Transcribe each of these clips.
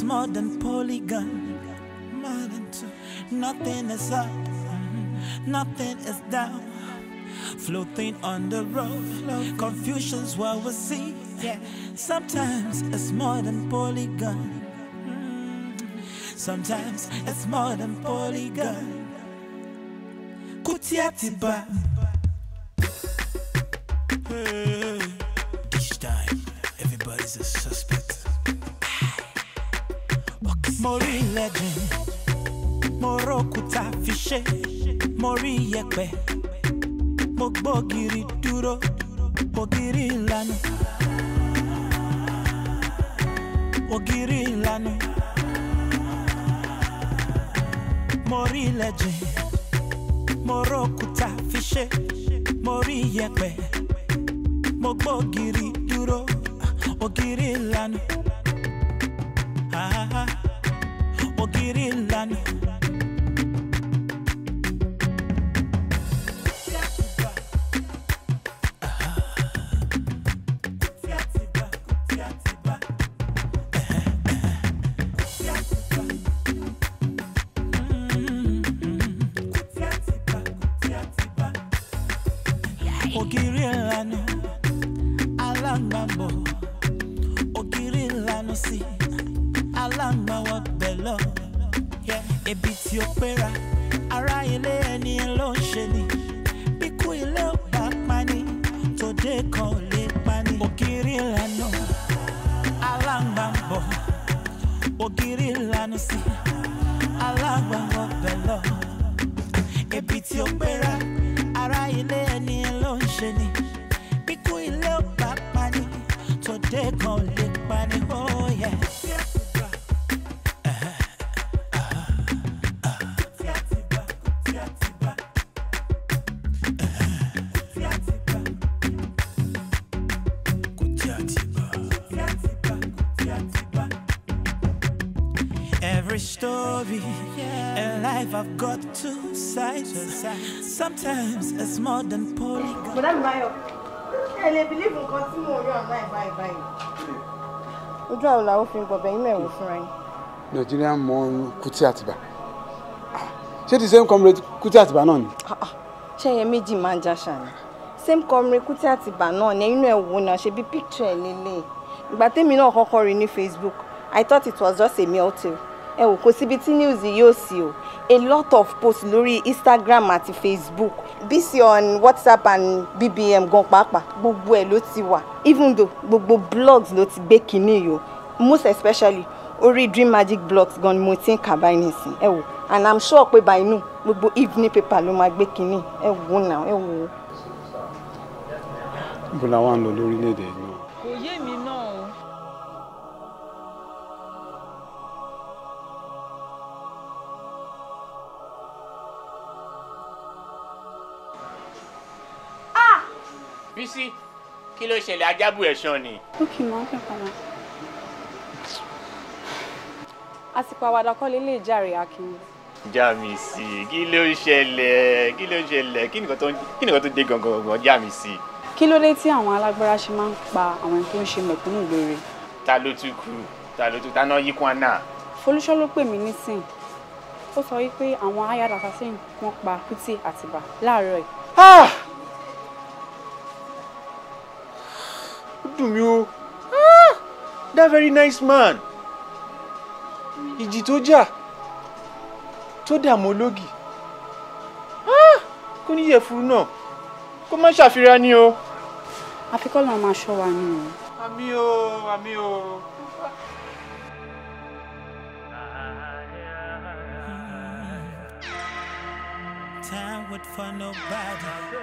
It's more than polygon. Nothing is up, nothing is down. Floating on the road, confusion's what we see. Sometimes it's more than polygon. Sometimes it's more than polygon. Kutiatiba. This time, everybody's a suspect. mo rí ilẹ̀dẹ̀ mo rókúta fi ṣe mo rí iyẹ̀pẹ̀ mo gbógiri dúró ògiri ìlànà ògiri ìlànà mo rí ilẹ̀jẹ̀ mo fi ṣe mo iyẹ̀pẹ̀ mo gbógiri dúró ògiri ìlànà. Ah, ah, ah. Birilani. Ogiri ebi tí ó pera ara ilé ẹni ló ń ṣe ni bí kú ilé ò bá pani tòde kan ò lè pani. ògiri lànà aláǹgbá ń bọ̀ ògiri lànà sí aláǹgbá ń ebi tí ó pera ara ilé ẹni ló ń ṣe ni bí kú ilé ò bá pani tòde kan ò lè. is more than polygon. Madam Bayo, ẹ lè believe nǹkan tí mo rí online báyìí báyìí. Ojú àwọn làwọn fi ń gbọ̀bẹ̀ yín mẹ́wòó fúnra yín. Nigerian mọ Kuti Atiba. Ṣé ti same comrade Kuti Atiba náà ni? Ah, ah. Ṣé yẹn méjì máa ń jáṣà ni? Same comrade Kuti Atiba náà ni inú ẹ̀ wò náà ṣe bí picture ẹ̀ lélẹ̀. Ìgbà tèmi náà kọ́kọ́ rí ní Facebook, I thought it was just a mere tale ẹ wò kó síbi tí news yóò sí o a lot of posts lórí instagram àti facebook bc on whatsapp and bbm gan pàápàá gbogbo ẹ ló ti wà even though gbogbo blogs ló ti gbé kínní yìí o most especially orí dream magic blogs gan ni mo ti ń kà báyìí nìsín ẹ wò and i'm sure pé by noon gbogbo evening paper ló máa gbé kínní ẹ wò náà ẹ wò. bùnà wà ń lọ lórílẹ̀‐èdè yìí bísí kí ló ṣẹlẹ̀ ajábù ẹ̀ṣán ni. ó kì í mọ ọkàn kan náà. àsìkò àwàdà kọ́ lè lè jàre akin. já mi sí i kí ló ṣẹlẹ̀ kí ló ṣẹlẹ̀ kí nìkan tó dé gangan gangan já mi sí i. kí ló dé tí àwọn alágbára ṣe máa ń pa àwọn tó ń ṣe mẹ̀kúnnù lóore. ta ló tún kú ta ló tún táná yí kún àná. folúṣọ́ ló pè mí nísìn ó sọ wípé àwọn hired assassin wọ́n pa Kuti àtìbà láàárọ̀ ẹ̀. dùn o ah, that very nice man ìjì tó jà tó dààmú ológì ah kó ní yẹ̀furu náà kó má ṣàfihàn ni o. àfikọ́ làwọn máa ṣọ́ wa ni o. àmì o àmì o. would for nobody.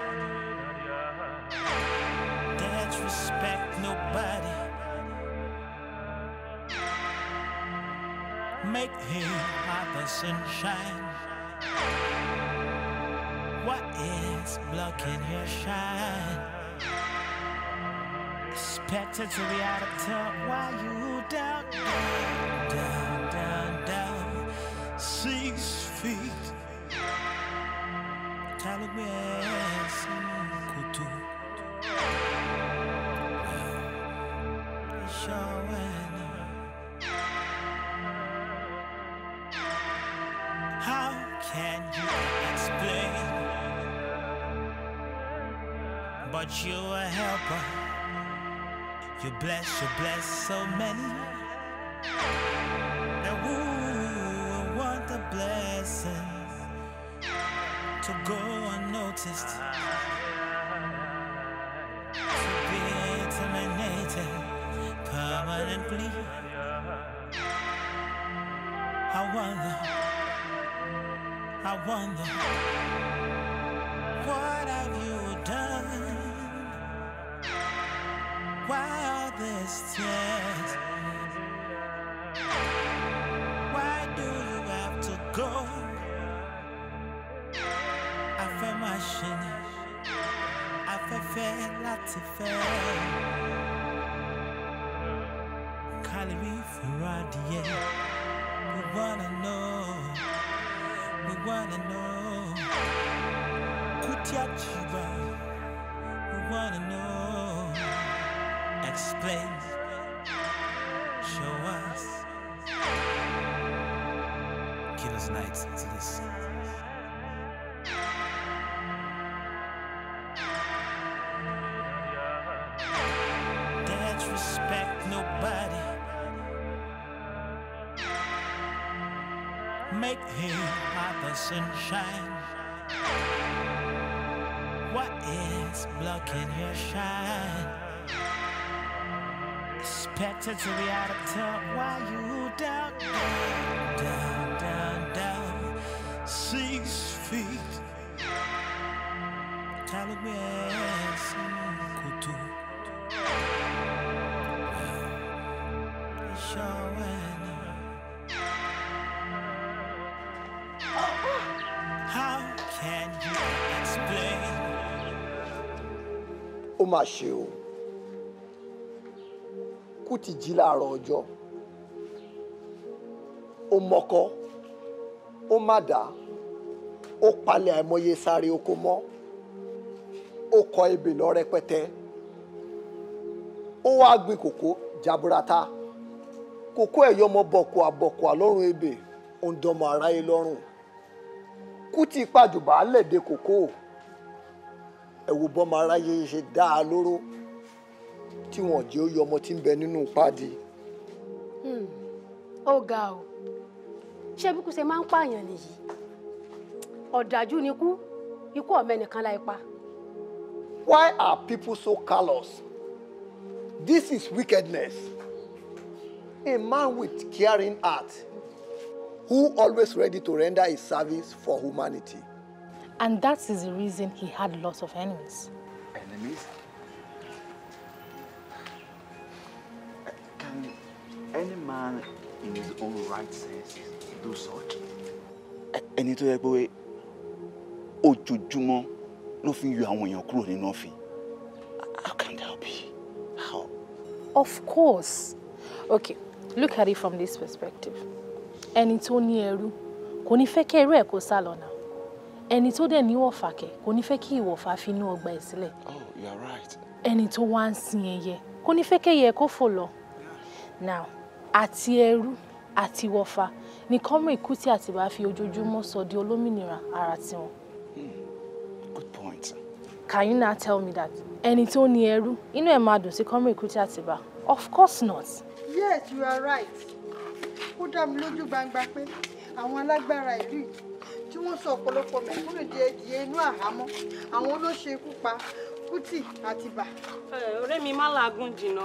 That's respect. nobody. Make him while the sun shines. What is blocking your shine? it to be out of touch while you down, down, down, down, six feet. Tell me. Lord, you're a helper. You bless, you bless so many. That who want the blessings to go unnoticed, to be terminated permanently. I wonder, I wonder, what have you done? wildest test. Why do you have to go? Affirmation. Afẹ́fẹ́ láti fẹ́. Kálírí fúnra díẹ̀. We wanna know. We wanna know. Kútíà jìbà. We wanna know explain. Show us. Killer's Nights is listen. Dads respect nobody. Make him like the sunshine. What is blocking your shine? Pet attention out of town while you down, down, down, down, six feet. Talibans kutu. How can you explain? Ó mà ṣe o ma ó ti jí láàárọ̀ ọjọ́ ó mọkọ ó má dá ó palẹ̀ àìmọye sáré oko mọ ó kọ ebè lọ rẹpẹtẹ ó wá gbin kòkó jaburata kòkó ẹ ọmọ bọkọ àbọ̀kọ̀ àlọ́run ebè ń dánmọ̀ aráyé lọ́rùn kùtì pàjùbà lẹ̀dẹ̀ kòkó wò tí wọn jẹ́ ó ọmọ tí ń bẹ nínú páàdì. Hmm. ó ga o ṣé bí kú ṣe máa ń pààyàn nìyí ọ̀dájú ni kú ikú ọ̀mẹ́nìkan láì pa. Why are people so callous? This is wickedness. A man with caring heart who always ready to render his service for humanity. And that is the reason he had lots of enemies. Enemies? can any man in his own right sense do such. ẹni tó yẹ pé ojoojúmọ́ ló fi ń yọ àwọn èèyàn kúrò nínú ọ̀fìn how can that be how. of course okay look at it from this perspective ẹni tó ní ẹrú kò ní fẹ́ kí ẹrú ẹ̀ kó sá lọ́nà ẹni tó dẹ̀ ní wọ̀fà kẹ̀ kò ní fẹ́ kí ìwọ̀fà fi inú ọgbà ẹ̀ sílẹ̀. oh you right. ẹni tó wá ń sin ẹyẹ kò ní fẹ́ kẹ́yẹ kó fò lọ now àti ẹrú àti wọ̀fà ni Comrade Kuti Atiba fi ojoojúmọ́ sọ di olómìnira ara tiwọn. Hmm, good point. can you now tell me that ẹni tó ní ẹrú inú ẹ̀ máa dùn sí Comrade Kuti Atiba of course not. yes you are right ó dá mi lójú gbangba pé àwọn alágbára ìlú yìí tí wọ́n sọ ọ̀pọ̀lọpọ̀ mẹ̀kúnnù di e, inú àhámọ́ àwọn ló ṣekú pa Kuti Atiba. ọ̀rẹ́ mi má làágùn jìnnà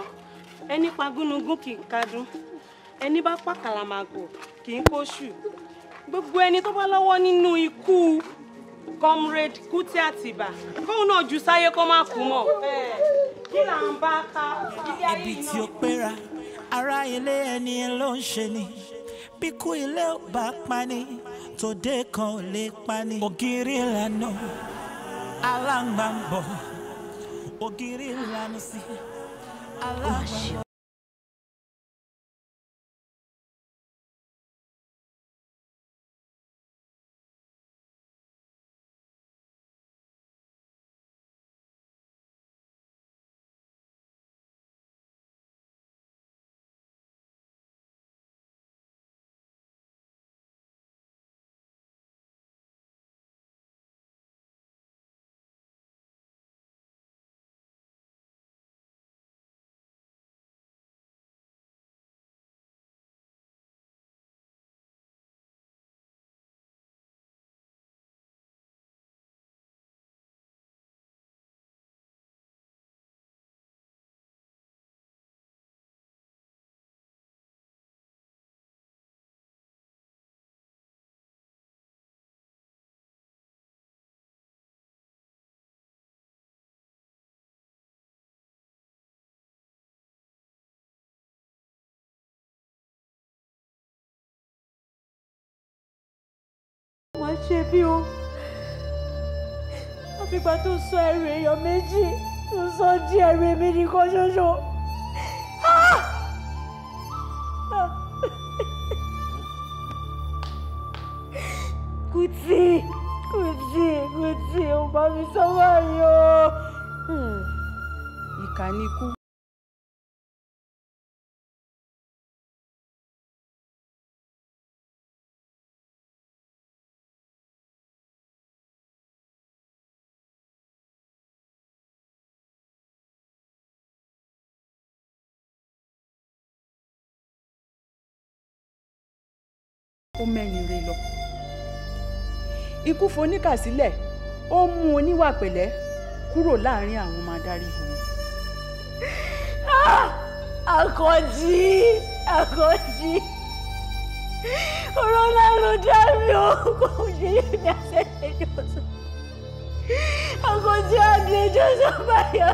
ẹni pa gúnugún kì í kadún ẹni bá pa kàlàmàgò kì í kóṣù gbogbo ẹni tó bá lọ́wọ́ nínú ikú comrade Kuti Atiba kóun náà ju sáyé kó má kú mọ́ kí là ń bá ká. ibi tí ó péra ara ilé ẹni ló ń ṣe ni bí kú ilé ò bá pani tòde kan ò lè pani ògiri lànà aláǹgbà ń ògiri lànà sí i. I lost you. ṣe bí o àfìgbà tó sọ ẹrù èèyàn méjì tó sọ di ẹrù èmi nìkan ṣoṣo. Kútì Kútì Kútì ò bá mi sọ́wọ́ yìí o. Hmm, ìkà ni ikú. ó mẹ́ni re lọ. ikú foníkà sílẹ̀ ó mú oníwà pẹ̀lẹ́ kúrò láàrin àwọn máa darí òun. Ah! àkànjí àkànjí ọ̀rọ̀ ńlá ló dá mi ò kò ṣe é ní àṣẹ ìjọsìn àkànjí àdéjọ́sọ báyọ̀.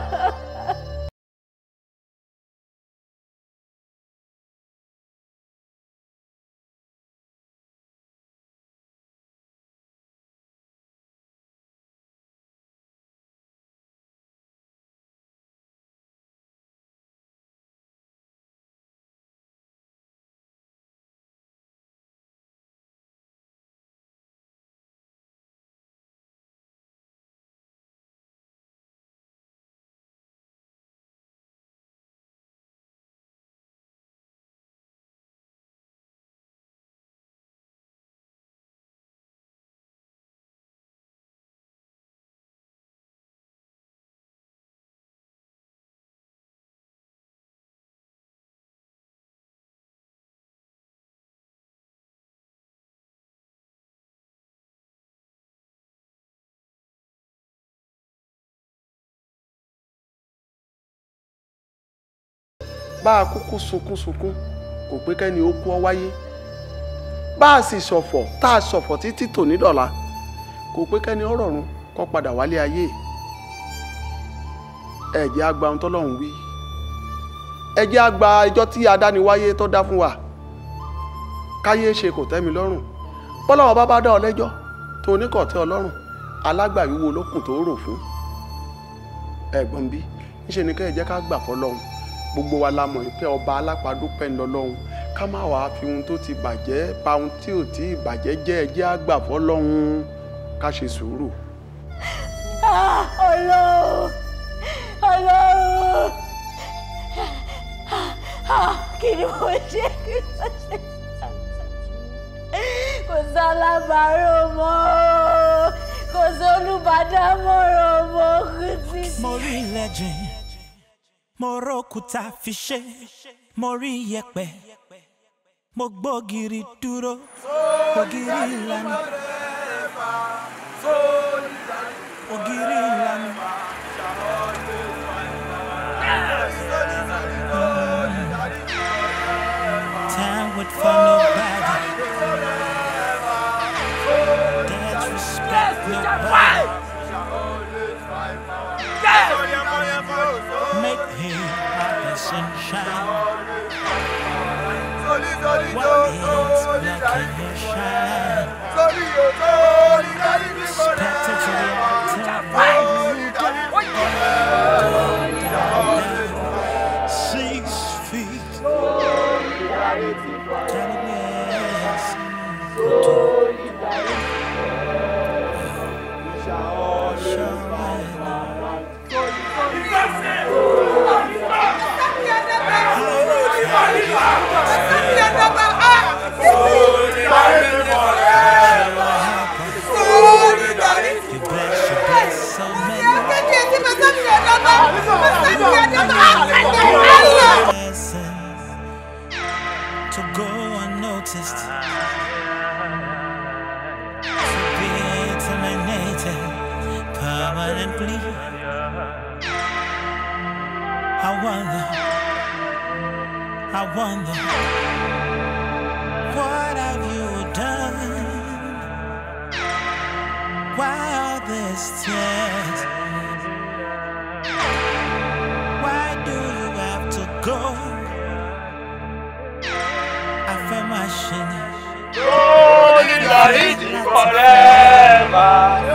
bá a kúkú sunkún sunkún kò pé kẹ́ni ó kú ọ wáyé bá a sì ṣọ̀fọ̀ tá a ṣọ̀fọ̀ títí tòní dọ̀la kò pé kẹ́ni ó rọ̀run kó padà wálé ayé ẹ̀jẹ̀ àgbà ohun tọ́lọ́run wí ẹ̀jẹ̀ àgbà ẹjọ́ tí adániwáyé tó dá fún wa káyé ṣe kò tẹ́mi lọ́rùn bọ́lọ́wọ́ bá bá dá ọ lẹ́jọ́ tó oníkọ̀tẹ́ ọlọ́run alágbàwíwo lókùn tó rò fún ẹ̀gbọ́n bí ńṣe ni kẹ́ ẹ ká gbà fọlọ́run gbogbo wa la mọ̀ pé ọba alápàdúpẹ́ ńlọlọ́run ká má wàá fi ohun tó ti bàjẹ́ pa ohun tí ò tí ì bàjẹ́ jẹ́ ẹjẹ́ àgbàfọ́ lọ́hùn ká ṣe sùúrù. Ah, ọlọ́run ọlọ́run ah, kí ni mo ṣe kí ni mo ṣe kò sálábàárò mọ́ kò sólùbádámọ̀ràn mọ́ kùtì. mo rí ilẹ̀ jìn mo rókúta fi ṣe mo rí yẹ̀pẹ̀ mo gbógiri dúró ògiri ìlànà ògiri ìlànà. I wonder what have you done? Why all this tears? Why do you have to go? I feel my Affirmation. Oh, you are forever.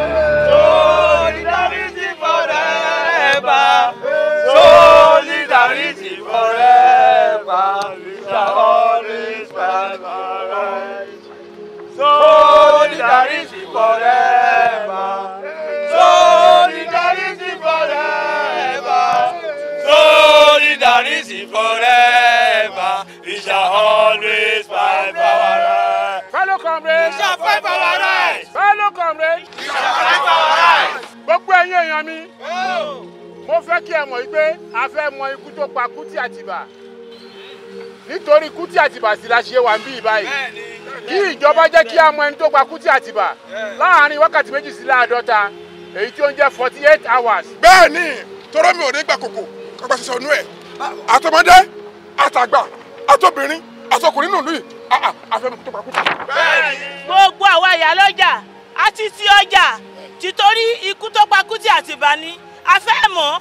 àtìbà nítorí kútì àtìbà sì la ṣe wà ń bí ìbáyìí kí ìjọba jẹ́ kí a mọ ẹni tó gba kútì àtìbà láàárín wákàtí méjì sí láàdọ́ta èyí tí ó ń jẹ́ forty eight hours. bẹ́ẹ̀ni tọrọ mi ò ní gbà kòkò ọgbà ṣiṣẹ onú ẹ àtọmọdé àtàgbà àtọbìnrin àtọkùnrin nínú ìlú yìí àfẹmọ tó gba kútì. bẹ́ẹ̀ni. gbogbo àwa ìyálọ́jà àti ti ọjà tìtorí ikú tó pa kútì àtìbà ni a fẹ́ mọ̀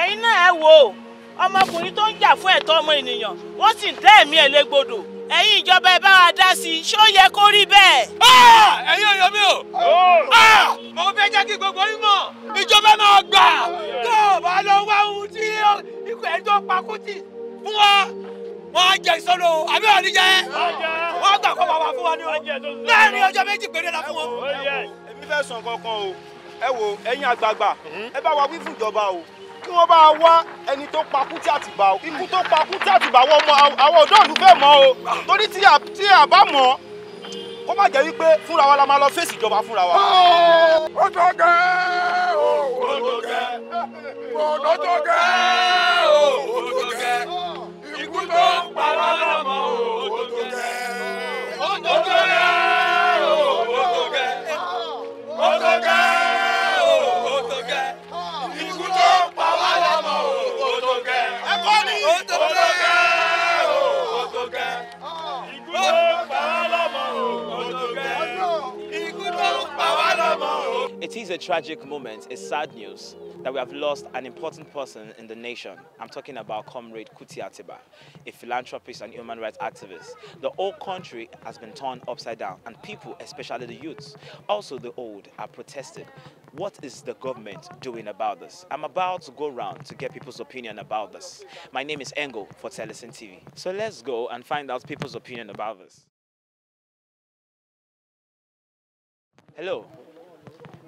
ẹ̀yin náà ẹ wò ó ọmọkùnrin tó ń jà fún ẹ̀tọ́ ọmọ ènìyàn wọ́n sì ń dá ẹ̀mí ẹ̀ légbodò ẹ̀yin ìjọba ẹ bá wa dá sí i ṣé yẹ kó rí bẹ́ẹ̀. ẹ̀yin ọ̀yọ́ mi o mo fẹ́ jẹ́ kí gbogbo yín mọ̀ ìjọba máa gbà tó o bá lọ wá ohun tí ikú ẹ̀ tó pakú tì fún wa wọ́n á jẹ ìsọ́nù àbí wọ́n ní jẹ́ wọ́n gbà kọ́ bàbá fún wa ní o láàrin ọjọ́ méjì péré la fún wọn. èmi fẹ́ sọ nǹkan o ẹ wo ẹ̀yin àgbààgbà ẹ bá wa wí fún ìjọba o kí wọ́n bá wá ẹni tó pa Kútì Àtìbà o ikú tó pa Kútì Àtìbà àwọn ọmọ àwọn ọ̀dọ́ ìlú fẹ́ mọ̀ o torí tí a bá mọ̀ kó má jẹ́ wípé fúnra wa la máa lọ fèsì ìjọba fúnra wa. ó tó gẹ́ ó tó gẹ́ ó tó gẹ́ ó ó tó gẹ́ ikú tó pa wá o. It is a tragic moment, a sad news, that we have lost an important person in the nation. I'm talking about Comrade Kuti Atiba, a philanthropist and human rights activist. The whole country has been turned upside down, and people, especially the youths, also the old, are protesting. What is the government doing about this? I'm about to go round to get people's opinion about this. My name is Engo for Telesin TV. So let's go and find out people's opinion about this. Hello,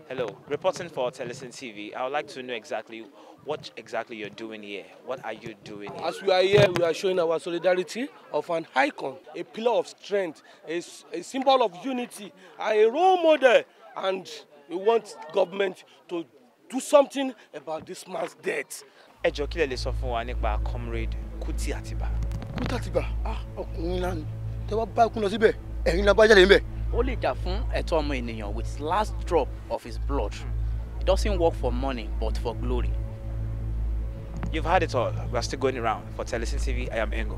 Hello, reporting for Telesin TV. I would like to know exactly what exactly you're doing here. What are you doing here? As we are here, we are showing our solidarity of an icon, a pillar of strength, a, a symbol of unity, a role model. And we want government to do something about this man's death. Ẹ jọ̀ọ́ kí lẹ lè sọ wa nípa comrade Kuti Atiba. Kuti Atiba, ah, ọkùnrin náà ni. Tẹ wá bá ikú lọ síbẹ̀, ẹ̀yin náà bá ó lè jà fún ẹ̀tọ́ ọmọ ènìyàn with last drop of his blood hmm. it doesn't work for money but for glory. You've heard it all. We are still going around. For Television TV, I am Engo.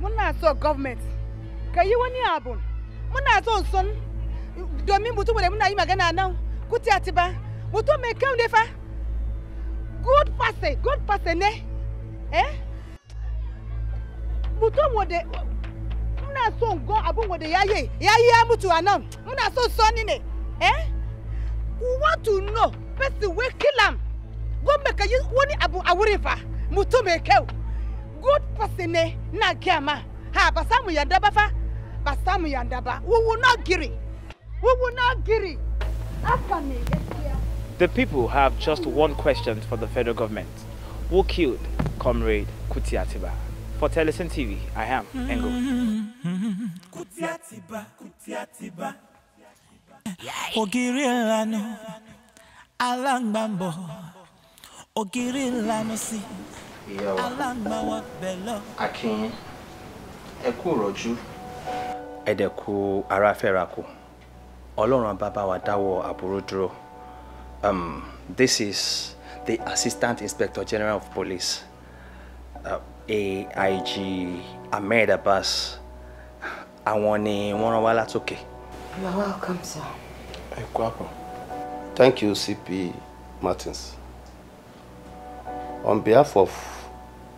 When I saw government, can you want to happen? When I saw son, domin mutum da muna yi magana nan kuti atiba mutum mai kyau ne fa good person good person ne eh mutum de muna so ga abin wanda ya yi mutu a muna so sani ne eh we want to know person wey kill am go make yi wani abu a wurin fa good person ne na gaya ha ba yanda ba fa yanda ba we will not giri we will not giri haka ne e The people have just one question for the federal government. Who killed Comrade Kuti Atiba? for Telesin TV. I am Engo. Kuti Atiba, Kuti Atiba. Ògiri lanu, alangbambo. Ògiri lanu si, alangbawo belo. Akin, ẹ kú rọ̀jú. Ẹ dẹ̀ kú ara fẹ́ra kù. Ọlọ́run wa dáwọ́ àbúrò Um, this is the Assistant Inspector General of Police. AIG Ahmed Abbas àwọn ni wọ́n rán wá okay. you are welcome sir. thank you CP Martins on behalf of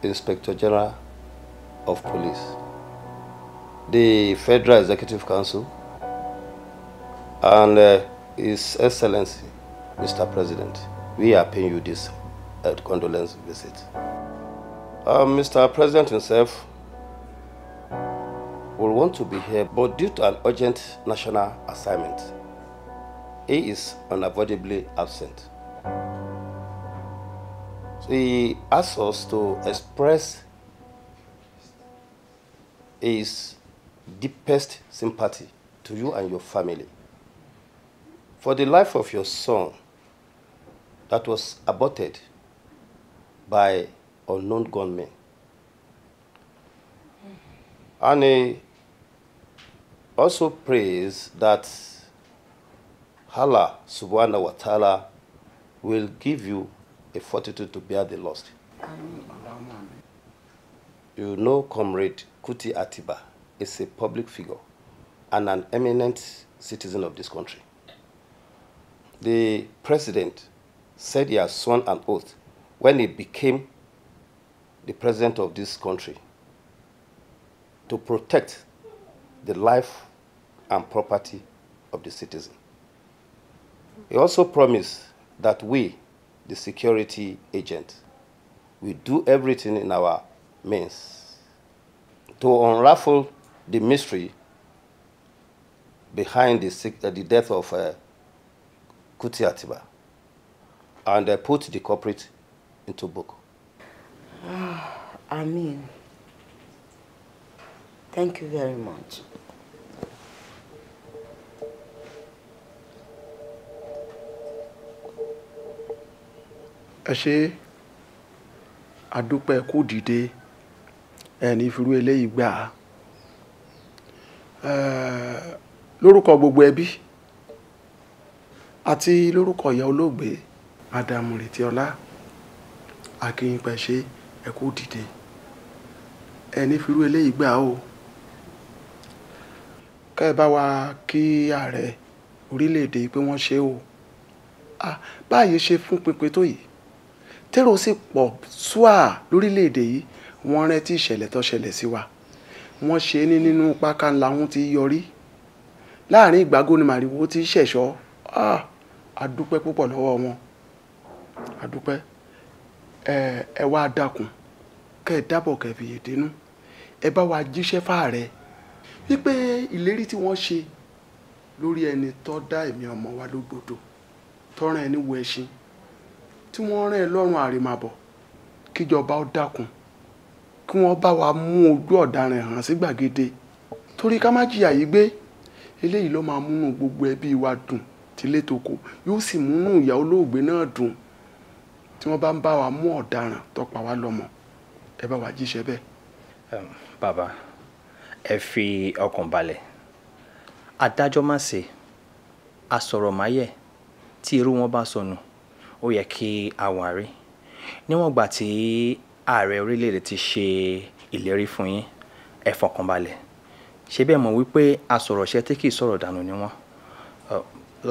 Inspector General of Police the Federal Executive Council and uh, His Excellency Mr. President we are paying you this uh, condolence visit. Uh, Mr. President himself will want to be here, but due to an urgent national assignment, he is unavoidably absent. So he asks us to express his deepest sympathy to you and your family for the life of your son that was aborted by Unknown gunmen And he also prays that Allah subhanahu wa ta'ala will give you a fortitude to bear the lost. You know comrade Kuti Atiba is a public figure and an eminent citizen of this country. The president said he has sworn an oath when he became the president of this country to protect the life and property of the citizen. He also promised that we, the security agent, will do everything in our means to unravel the mystery behind the, uh, the death of uh, Kuti Atiba and uh, put the culprit into book. I mean, thank you very much. ẹ ṣe àdúpẹ́ kó dìde ẹni ìfirú eléyìí gbà á lórúkọ gbogbo ẹbí àti lórúkọ ìyá olóògbé Madam Retiola akínyìnpẹ ṣe ẹ kó dìde ẹni firú eléyìí gbà o ká ẹ bá wa kí ààrẹ orílẹ̀-èdè pé wọ́n ṣe o báyìí ṣe fún pinpin tó yìí tẹ́rọ sì pọ̀ ṣùà lórílẹ̀-èdè yìí wọ́n rántí ìṣẹ̀lẹ̀ tó ṣẹlẹ̀ sí wa wọ́n ṣe ní nínú páká ńlá ti yọrí láàrin ìgbàgó ni màrìwò ti ṣẹ̀ṣọ́ a púpọ̀ lọ́wọ́ wọn a ẹ wá dákun kẹ́ ẹ dábọ̀ kẹ́ ẹ fìyè dénú ẹ bá wa jíṣẹ́ fáàrẹ wípé ìlérí tí wọ́n ṣe lórí ẹni tó dá èmi ọmọ wa lógbòdo tọ́ran ẹni wo ẹṣin tí wọ́n rán ẹ lọ́rùn àrèmabọ̀ kíjọba ó dákun kí wọ́n bá wa mú ojú ọ̀daràn hàn sí gbàgede torí ká má jìyà yìí gbé eléyìí ló máa múnú gbogbo ẹbí wa dùn tílé toko yóò sì múnú ìyá olóògbé náà dùn tí wọ́n bá ń bá wa mú ọ̀daràn tó pa lọ́mọ ẹ bá wa jíṣẹ́ bẹ́ẹ̀. bàbá ẹ fi ọkàn balẹ̀ adájọ́ má ṣe asọ̀rọ̀máyẹ̀ tí irú wọn bá sọnù ó yẹ kí àwọn àárẹ̀ níwọ̀n gbà tí ààrẹ orílẹ̀-èdè ti ṣe ìlérí fún yín ẹ fọkàn balẹ̀ ṣé bẹ́ẹ̀ mọ̀ wípé asọ̀rọ̀ṣẹ́ tí kì í sọ̀rọ̀ dànù ni wọ́n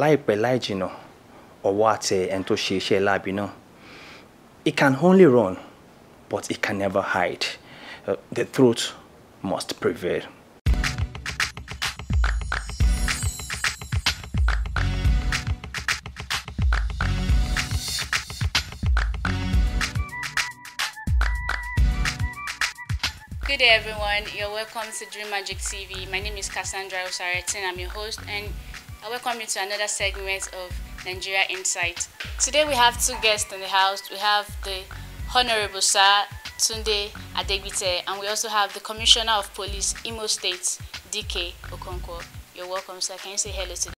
láìpẹ́ láì jìnnà ọwọ́ àtẹ ẹni tó ṣe iṣẹ́ láabi náà It can only run, but it can never hide. Uh, the truth must prevail. Good day everyone, you're welcome to Dream Magic TV. My name is Cassandra Osaretin, I'm your host and I welcome you to another segment of Nigeria Insight. Today we have two guests in the house. We have the Honorable Sir Tunde Adegbite and we also have the Commissioner of Police Imo State, DK Okonkwo. You're welcome, sir. Can you say hello to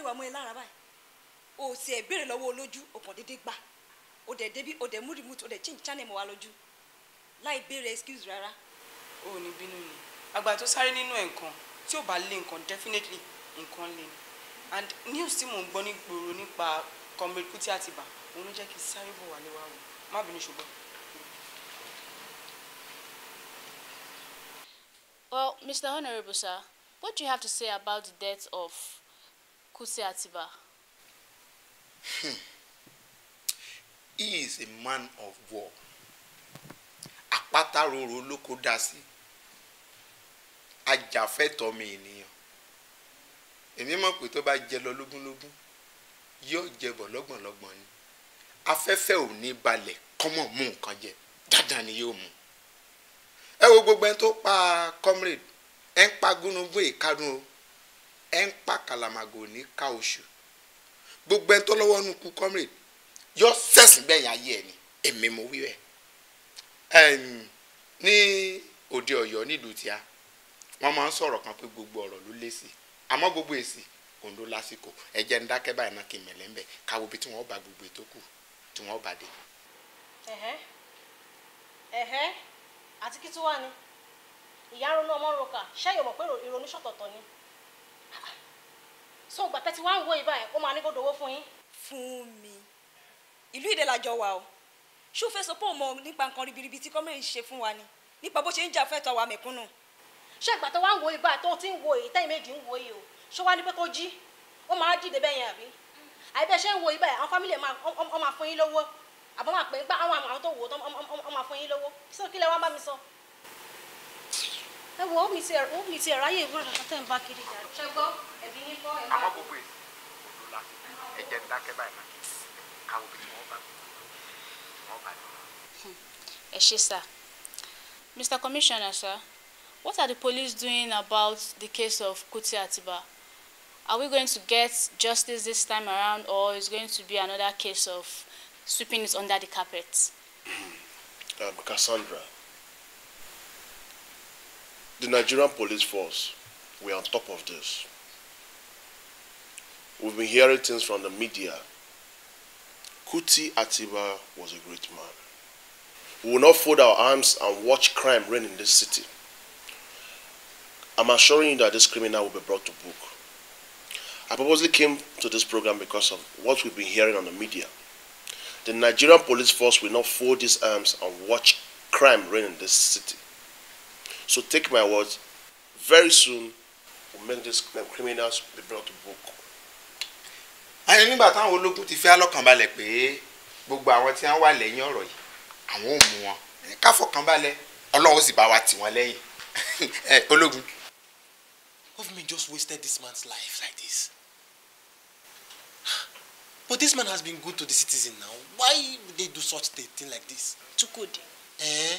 dé wà mọ́ ẹ lára báyìí o sì ẹ̀ lọ́wọ́ olójú o kàn déédéé gbà o dẹ̀ débi o dẹ̀ mú o dẹ̀ change channel mọ́ wa lójú láì béèrè excuse rárá. o ò ní bínú ni àgbà tó sáré nínú ẹ̀ nǹkan tí ò bá lé nǹkan definitely nǹkan lé ni and news tí mò ń gbọ́ nígboro nípa comrade Kuti Atiba òun ló jẹ́ kí sáré bọ̀ wá léwá wò má bínú ṣùgbọ́n. Well, Mr. Honorable, sir, what do you have to say about the death of Kusi Atiba. Hmm. He is a man of war. Àpáta roro ló kó dá sí. Ajàfẹ́tọ̀ọ́ mi ènìyàn. Èmi mọ̀ pé tó bá jẹ lọ lógúnlógún, yóò jẹ bọ̀ lọ́gbọ̀nlọ́gbọ̀n ni. Afẹ́fẹ́ ò ní balẹ̀ kọ́mọ̀ mú nǹkan jẹ. Dáadáa ni yóò mú. Ẹ wo gbogbo ẹni tó pa comrade ẹ ń pa gúnugún ìkádùn o e ń pa kàlàmàgò ní ká gbogbo ẹni tó lọ́wọ́ kú comrade yọ sẹ̀sìn bẹ́yìn ayé ẹ̀ ni èmi mo wí ẹ̀ ní òde ọ̀yọ́ nílùú tíá wọ́n máa ń sọ̀rọ̀ kan pé gbogbo ọ̀rọ̀ ló lé sí àmọ́ gbogbo èsì òun lásìkò ẹ ń dákẹ́ báyìí gbogbo ètò kù tí wọ́n bá dé. àti kí tí wàá ní ìyá ronú ọmọ ìrònú ṣọ̀tọ̀tọ̀ ni. so ìgbà tẹ́tí wá ń wo ìbá ẹ̀ ó máa ní kó dowó fún yín. fún mi ìlú ìdè làjọ wà o ṣé o fẹ́ sọ pé o mọ nípa nǹkan ribiribi tí gọ́ọ̀mẹ̀ntì ṣe fún wa ni nípa bó ṣe ń jà fún ẹ̀tọ́ wa mẹ̀kúnnù. ṣé ìgbà tó wá ń wo ìbá tó ti ń wo èyí tẹ́yìn méjì ń wo yìí o ṣé wá ní pé kó jí ó máa dìde bẹ́yẹn àbí àbí bẹ́ẹ̀ ṣe ń wo ìbá ẹ̀ àwọn fámìlì ẹ̀ máa fún ẹ wọ mi ti ẹ̀rọ mi ti ẹ̀rọ ayé ìwé kankan tẹ̀ ń bá kiri jà ṣe gbọ́ ẹ̀bí yín kọ́ ẹ̀bí. àmọ́ gbogbo èsì òdò la ẹ jẹ́ dákẹ́ báyìí náà káwọ́ bí wọ́n bá wọ́n bá lọ. ẹ ṣe sá Mr. Commissioner sir what are the police doing about the case of Kuti Atiba? Are we going to get justice this time around or is going to be another case of sweeping it under the carpet? um, Cassandra. The Nigerian police force, we're on top of this. We've been hearing things from the media. Kuti Atiba was a great man. We will not fold our arms and watch crime reign in this city. I'm assuring you that this criminal will be brought to book. I purposely came to this program because of what we've been hearing on the media. The Nigerian police force will not fold its arms and watch crime reign in this city. So take my words, very soon we'll make these criminals be brought to book. Àyẹ̀ nígbà táwọn ológun ti fi alọ́kànbalẹ̀ pé gbogbo àwọn tí wọ́n wà lẹ́yìn ọ̀rọ̀ yìí àwọn ò mú wọn. Káfọ̀kànbalẹ̀ Ọlọ́run sì bá wa tì wọ́n lẹ́yìn. Ológun. Government just wasted this man's life like this. But this man has been good to the citizen now. Why would they do such a thing like this? Chukwudi. Eh?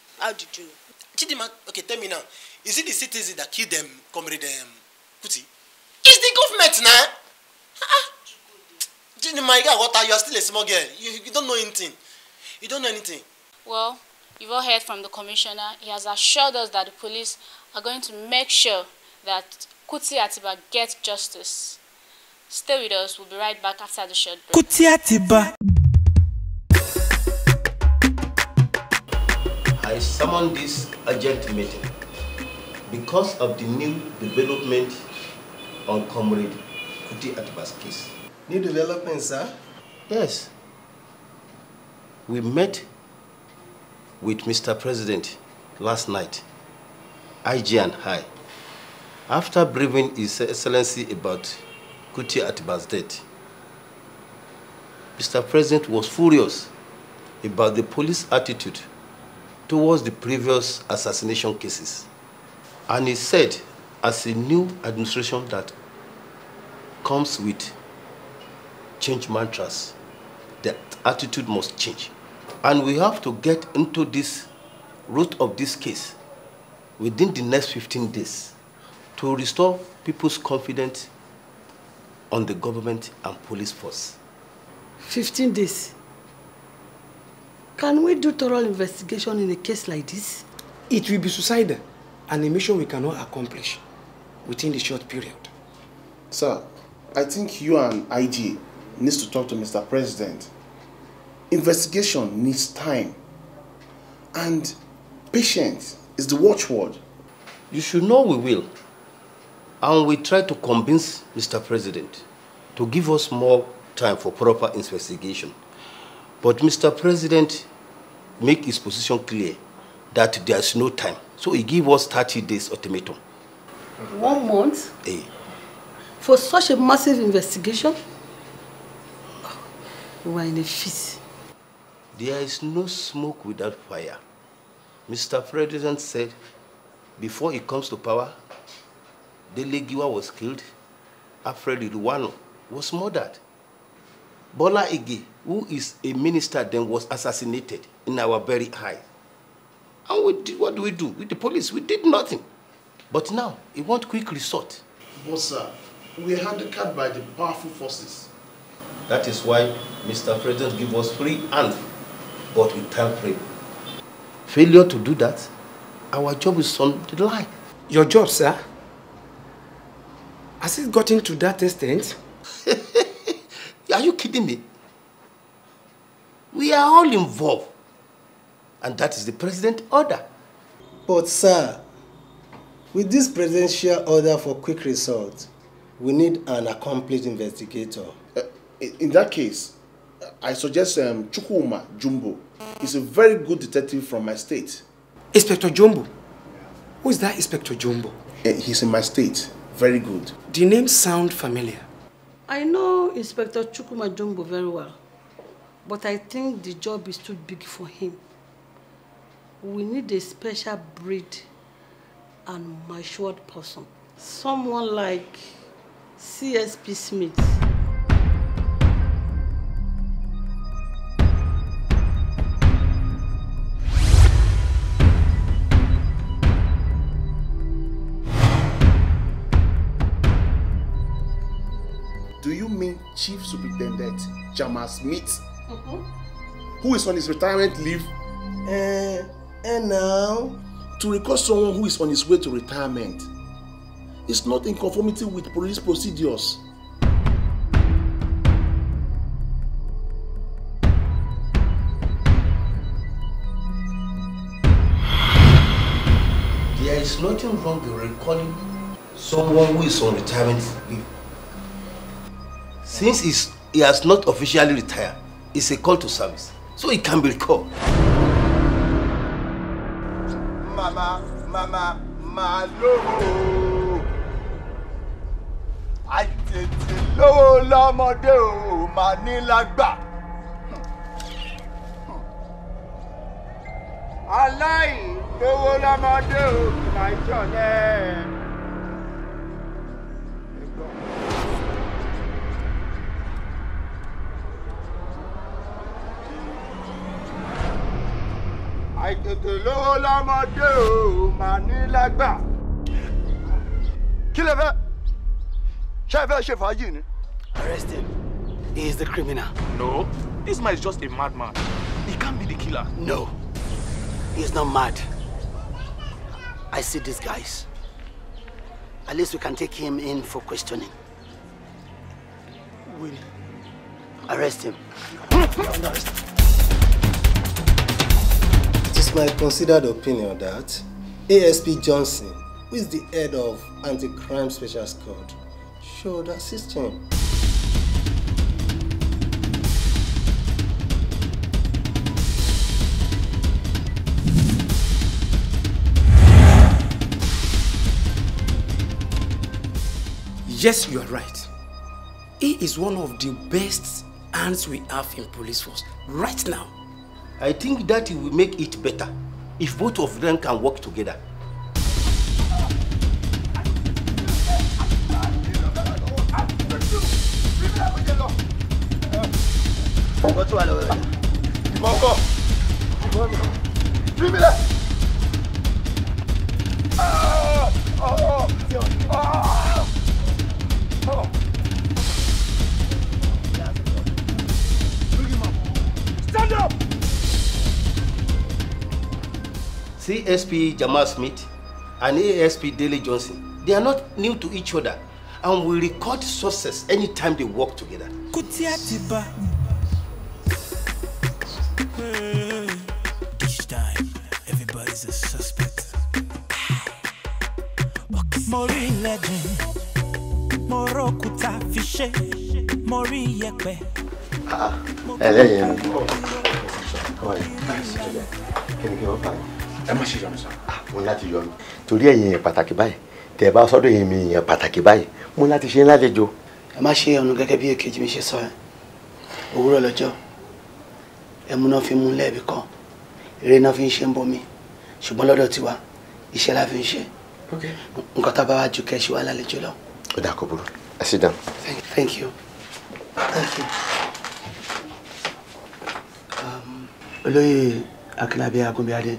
How did you know? Chidima, okay, tell me now. Is it the citizens that killed them, comrade um, Kuti? It's the government now. Ah. Chidima, you got water. You are still a small girl. You, you don't know anything. You don't know anything. Well, you've all heard from the commissioner. He has assured us that the police are going to make sure that Kuti Atiba gets justice. Stay with us. We'll be right back after the short break. Kuti Atiba. I summoned this urgent meeting because of the new development on Comrade Kuti Atibas case. New development, sir? Yes. We met with Mr. President last night, IG and High, after briefing His Excellency about Kuti Atibas' death. Mr. President was furious about the police attitude towards the previous assassination cases. And he said, as a new administration that comes with change mantras, the attitude must change. And we have to get into this root of this case within the next 15 days to restore people's confidence on the government and police force. 15 days? Can we do thorough investigation in a case like this? It will be suicidal and a mission we cannot accomplish within the short period. Sir, I think you and IG needs to talk to Mr. President. Investigation needs time and patience is the watchword. You should know we will. And we try to convince Mr. President to give us more time for proper investigation. But Mr. President make his position clear that there is no time. So he gave us 30 days ultimatum. One month? Hey, eh. For such a massive investigation? We were in a fit. There is no smoke without fire. Mr. President said before he comes to power, Dele Giwa was killed, Alfred Iluwano was murdered. Bola Ige who is a minister then was assassinated in our very eyes. And we did, what do we do with the police? We did nothing. But now, won't quick resort. But sir, we are handicapped by the powerful forces. That is why Mr. President give us free hand, but with time frame. Failure to do that, our job is on the line. Your job, sir? Has it gotten to that extent? are you kidding me? We are all involved. And that is the president order. But sir, with this presidential order for quick result, we need an accomplished investigator. Uh, in that case, I suggest um, Chukuma Jumbo. He's a very good detective from my state. Inspector Jumbo? Who is that Inspector Jumbo? Uh, he's in my state. Very good. The name sound familiar. I know Inspector Chukuma Jumbo very well. but I think the job is too big for him. We need a special breed and matured person. Someone like CSP Smith. Do you mean Chief Superintendent Jamal Smith who is on his retirement leave. Uh, eh, and eh, now, to record someone who is on his way to retirement is not in conformity with police procedures. There is nothing wrong with recording someone who is on retirement leave. Since he has not officially retired, is a call to service, so it can be recalled. Mama, mama, malo. ma lówó. Àìtètè lówó lọ́mọdé o, mà ní lágbà. Aláìlówó lọ́mọdé o, kì máa my journey. àìtètè lówó lọ́mọdé o mà ní lágbà. kí lè fẹ́ ṣé ẹ fẹ́ ṣe arrest him he is the criminal. no this man is just a madman he can't be the killer. no he is not mad I see these guys at least we can take him in for questioning. Will arrest him. arrest him. It's my considered opinion that ASP Johnson, who is the head of Anti-Crime Special Squad, should assist him. Yes, you are right. He is one of the best hands we have in police force right now. I think that it will make it better if both of them can work together. Wọ́n tún wà lọ́wọ́ rẹ̀. Ìbọn kọ́. Ìbọn Stand up! CSP Jamal Smith and ASP Daley Johnson, they are not new to each other and will record success anytime they work together. Each time, everybody's a suspect. Mori legend, Moro kuta fishe, Mori yekwe. Ah, hello, eh, eh, eh. oh, How are you? Nice to meet you. Can you give up? ẹ má ṣe yọnu sọ. Ah, mo láti yọnu torí ẹ̀yin yẹn pàtàkì báyìí tẹ́ ẹ bá sọ́dọ̀ yẹn mi yẹn pàtàkì báyìí mo láti ṣe lálejò. ẹ má ṣe yọnu gẹ́gẹ́ bí èkejì mi ṣe sọ ẹ òwúrọ̀ lọ́jọ́ ẹ múná fi mú lẹ́ẹ̀bì kan eré náà fi ń ṣe ń bomi ṣùgbọ́n lọ́dọ̀ tiwa iṣẹ́ la fi ń ṣe nǹkan tá a bá wá ju kẹ́ṣí wa lálejò lọ. ó dà kó burú ẹ sì dáhùn. thank you thank you. Um, olóyè akínlábí agúnbíadé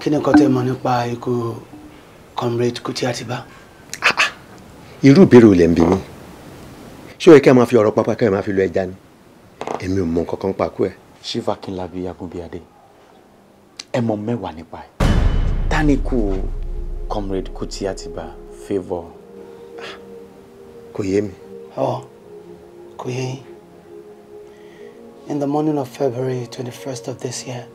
kí ni nǹkan tẹ́ mọ̀ nípa ikú comrade Kuti Atiba. Ah, ah. irú ìbéèrè olè ń bí mi ṣé ó yẹ kí a máa fi ọ̀rọ̀ pápá kí a máa fi lọ ẹja ni èmi ò mọ nǹkan kan pàkó ẹ. shiva kínlábí agúnbíadé ẹ mọ mẹ́wàá nípa ẹ tani comrade Kuti Atiba favour. Ah, kò yé mi. ọ oh, kò yé yín. In the morning of February 21st of this year,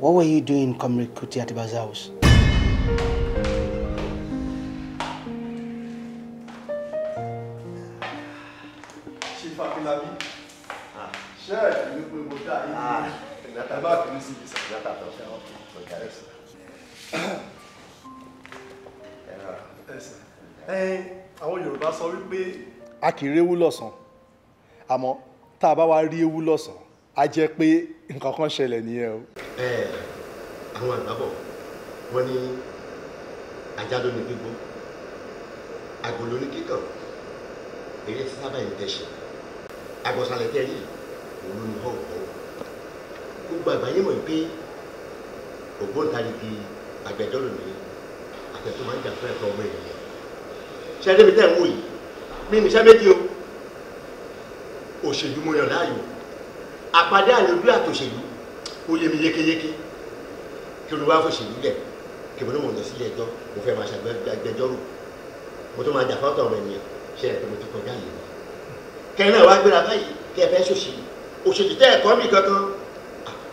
What were you doing in Comrade Kuti Atiba's house? Chief Abilabi. Ṣé ẹ̀dùn ní pé mo dá ilé ìrìnàtà bá kìí sí ibi sàgbàtà tó ṣe ọ́ kò jàre sọ. Ẹ̀yin àwọn Yorùbá sọ wípé. A kì í réwú lọ́sàn-án, àmọ́ a jẹ́ pé nǹkan kan ṣẹlẹ̀ nìyẹn o. ẹ ẹ àwọn àgbàbọ̀ wọ́n ní ajá ló ní gbígbó àgbò ló ní kíkàn eré tí sábà ń tẹ̀sẹ̀ agbọ̀nsálẹ̀ tẹ́lẹ̀ òun ló ní hàn kọ́ gbogbo àgbáyé mọ̀ pé ògbóǹtarìgì agbẹjọ́rò ní àtẹ̀tò máa ń jà fún ẹ̀kọ́ ọmọ ènìyàn ṣé mi tẹ̀ ń wò yìí mi ní o òṣèlú mo yàn láàyò àpàdé àlòdú àtòṣèlú ó yé yékéyéké kí olùwà fòṣèlú lẹ̀ kí mo ní lọ sílé ẹjọ́ mo fẹ́ máa ṣàgbẹjọ́rò mo tún máa jàfọ́ tọ̀rọ̀ ènìyàn ṣe ẹ̀kọ́ mo ti kọjá yìí lọ. kẹrin náà wá gbéra báyìí kí ẹ fẹ́ ṣòṣèlú òṣèlú tẹ́ ẹ̀kọ́ mi kankan